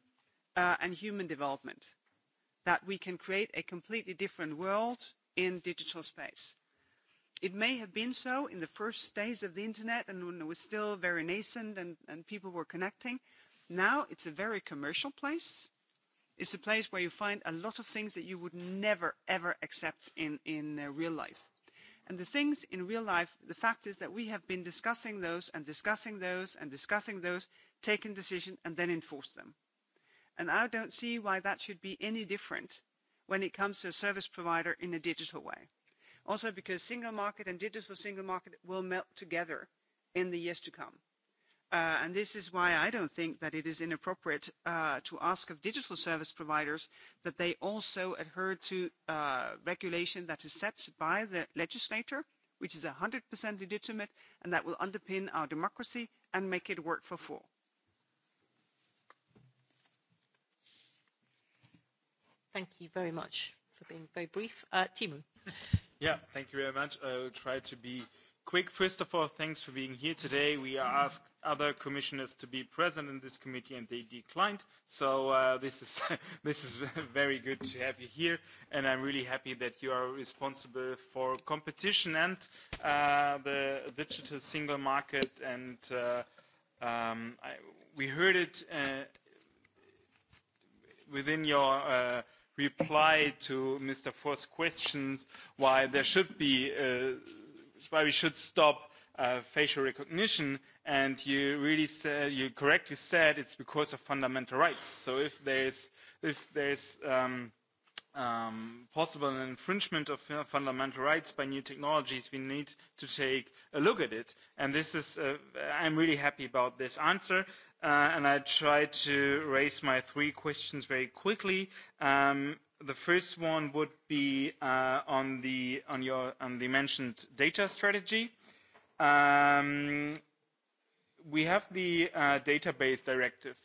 uh, and human development, that we can create a completely different world in digital space It may have been so in the first days of the internet and when it was still very nascent and, and people were connecting. Now it's a very commercial place. It's a place where you find a lot of things that you would never ever accept in, in uh, real life. And the things in real life, the fact is that we have been discussing those and discussing those and discussing those, taking decision and then enforce them. And I don't see why that should be any different when it comes to a service provider in a digital way also because single market and digital single market will melt together in the years to come. Uh, and this is why I don't think that it is inappropriate uh, to ask of digital service providers that they also adhere to uh, regulation that is set by the legislator, which is 100% legitimate, and that will underpin our democracy and make it work for full. Thank you very much for being very brief. Uh, Timo. <laughs> Yeah, thank you very much. I will try to be quick. First of all, thanks for being here today. We asked other commissioners to be present in this committee, and they declined. So uh, this is <laughs> this is very good to have you here, and I'm really happy that you are responsible for competition and uh, the digital single market. And uh, um, I, we heard it uh, within your. Uh, reply to Mr. Forst's questions why there should be, uh, why we should stop uh, facial recognition. And you really said, you correctly said it's because of fundamental rights. So if there's, if there's, um, um, possible infringement of fundamental rights by new technologies, we need to take a look at it. And this is, uh, I'm really happy about this answer. Uh, and I try to raise my three questions very quickly. Um, the first one would be uh, on the on your on the mentioned data strategy. Um, we have the uh, database directive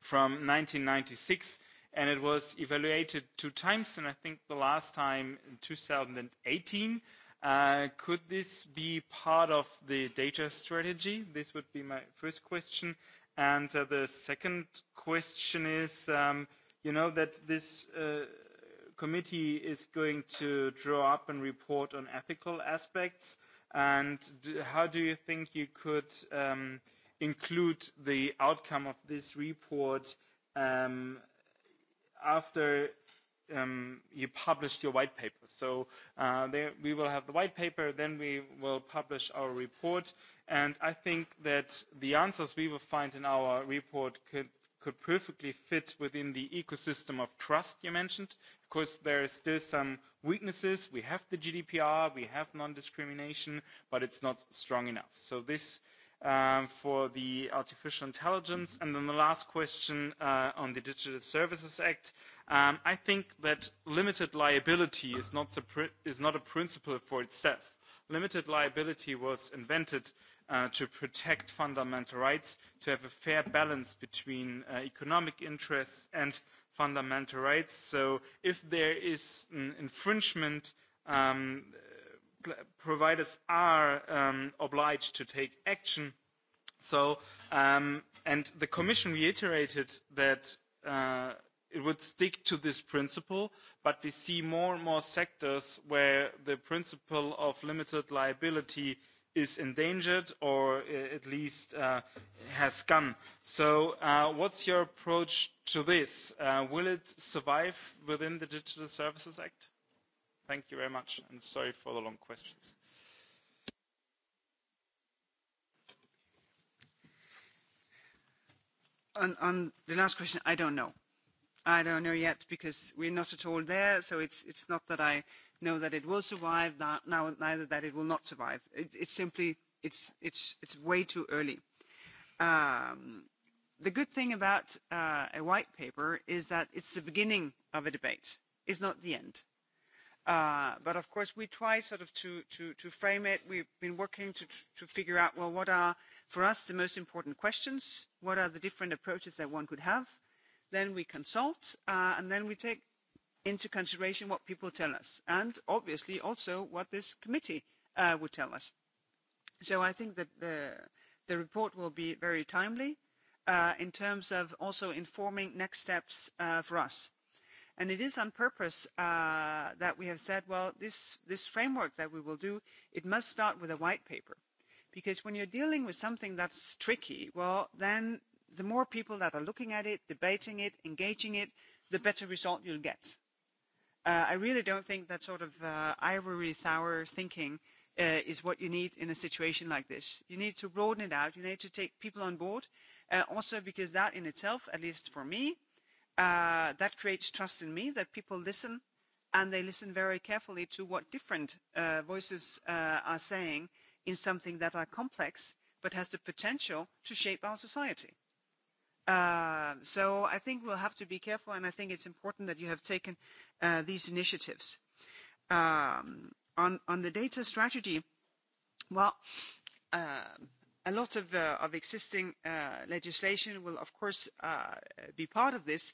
from 1996 and it was evaluated two times, and I think the last time in 2018. Uh, could this be part of the data strategy? This would be my first question. And uh, the second question is, um, you know, that this uh, committee is going to draw up and report on ethical aspects. And do, how do you think you could um, include the outcome of this report um, after um, you published your white paper. So uh, there we will have the white paper, then we will publish our report. And I think that the answers we will find in our report could, could perfectly fit within the ecosystem of trust you mentioned, Of course, there are still some weaknesses. We have the GDPR, we have non-discrimination, but it's not strong enough. So this Um, for the artificial intelligence. Mm-hmm. And then the last question uh, on the Digital Services Act. Um, I think that limited liability is not, a principle for itself. Limited liability was invented uh, to protect fundamental rights, to have a fair balance between uh, economic interests and fundamental rights. So if there is an infringement, um, providers are um, obliged to take action. So, um, and the Commission reiterated that uh, it would stick to this principle, but we see more and more sectors where the principle of limited liability is endangered or uh, at least uh, has gone. So uh, what's your approach to this? Uh, will it survive within the Digital Services Act? Thank you very much, and sorry for the long questions. On, on the last question, I don't know. I don't know yet because we're not at all there, so it's, it's not that I know that it will survive, now neither that it will not survive. It, it's simply, it's, it's, it's way too early. Um, the good thing about uh, a white paper is that it's the beginning of a debate. It's not the end Uh, but of course, we try sort of to, to, to frame it. We've been working to, to figure out, well, what are, for us, the most important questions? What are the different approaches that one could have? Then we consult, uh, and then we take into consideration what people tell us, and obviously also what this committee uh, would tell us. So I think that the, the report will be very timely uh, in terms of also informing next steps uh, for us And it is on purpose uh, that we have said, well, this, this framework that we will do, it must start with a white paper. Because when you're dealing with something that's tricky, well, then the more people that are looking at it, debating it, engaging it, the better result you'll get. Uh, I really don't think that sort of uh, ivory tower thinking uh, is what you need in a situation like this. You need to broaden it out. You need to take people on board. Uh, also because that in itself, at least for me, Uh, that creates trust in me that people listen and they listen very carefully to what different uh, voices uh, are saying in something that are complex but has the potential to shape our society. Uh, so I think we'll have to be careful, and I think it's important that you have taken uh, these initiatives. Um, on, on the data strategy, well, uh, a lot of, uh, of existing uh, legislation will, of course, uh, be part of this.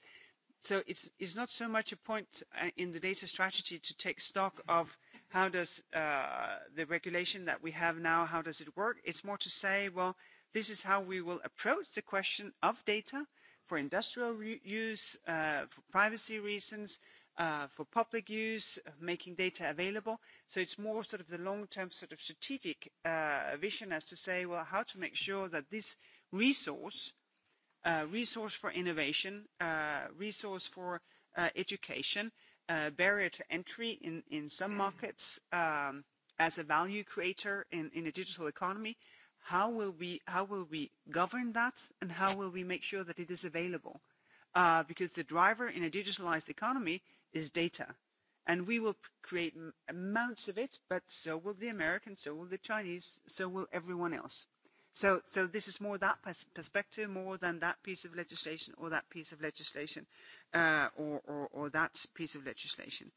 So it's, it's not so much a point uh, in the data strategy to take stock of how does uh, the regulation that we have now, how does it work? It's more to say, well, this is how we will approach the question of data for industrial use, uh, for privacy reasons, uh, Uh, for public use, uh, making data available. So it's more sort of the long-term sort of strategic uh, vision as to say, well, how to make sure that this resource, uh, resource for innovation, uh, resource for uh, education, uh, barrier to entry in, in some markets um, as a value creator in, in a digital economy, how will we how will we govern that and how will we make sure that it is available? Uh, because the driver in a digitalized economy is data. And we will create amounts of it, but so will the Americans, so will the Chinese, so will everyone else. So, so this is more that perspective, more than that piece of legislation or that piece of legislation uh, or, or, or that piece of legislation.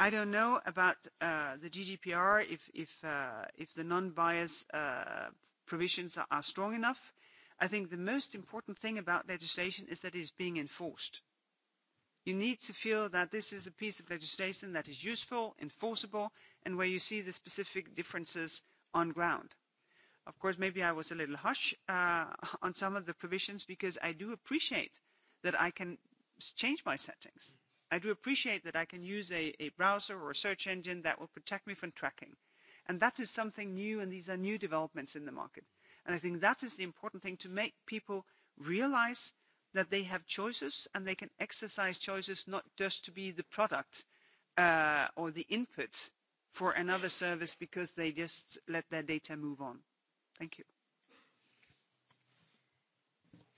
I don't know about uh, the GDPR, if, if, uh, if the non-bias uh, provisions are, are strong enough. I think the most important thing about legislation is that it is being enforced you need to feel that this is a piece of legislation that is useful, enforceable, and where you see the specific differences on ground. Of course, maybe I was a little harsh uh, <laughs> on some of the provisions because I do appreciate that I can change my settings. I do appreciate that I can use a, a browser or a search engine that will protect me from tracking. And that is something new, and these are new developments in the market. And I think that is the important thing to make people realise that they have choices and they can exercise choices not just to be the product uh, or the input for another service because they just let their data move on. Thank you.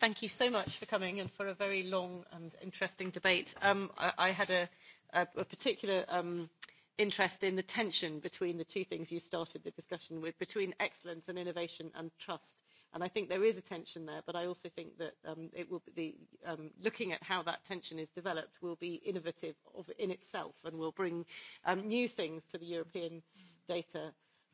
Thank you so much for coming and for a very long and interesting debate. Um, I, I had a, a, a particular um, interest in the tension between the two things you started the discussion with, between excellence and innovation and trust And I think there is a tension there, but I also think that um, it will be um, looking at how that tension is developed will be innovative of, in itself and will bring um, new things to the European data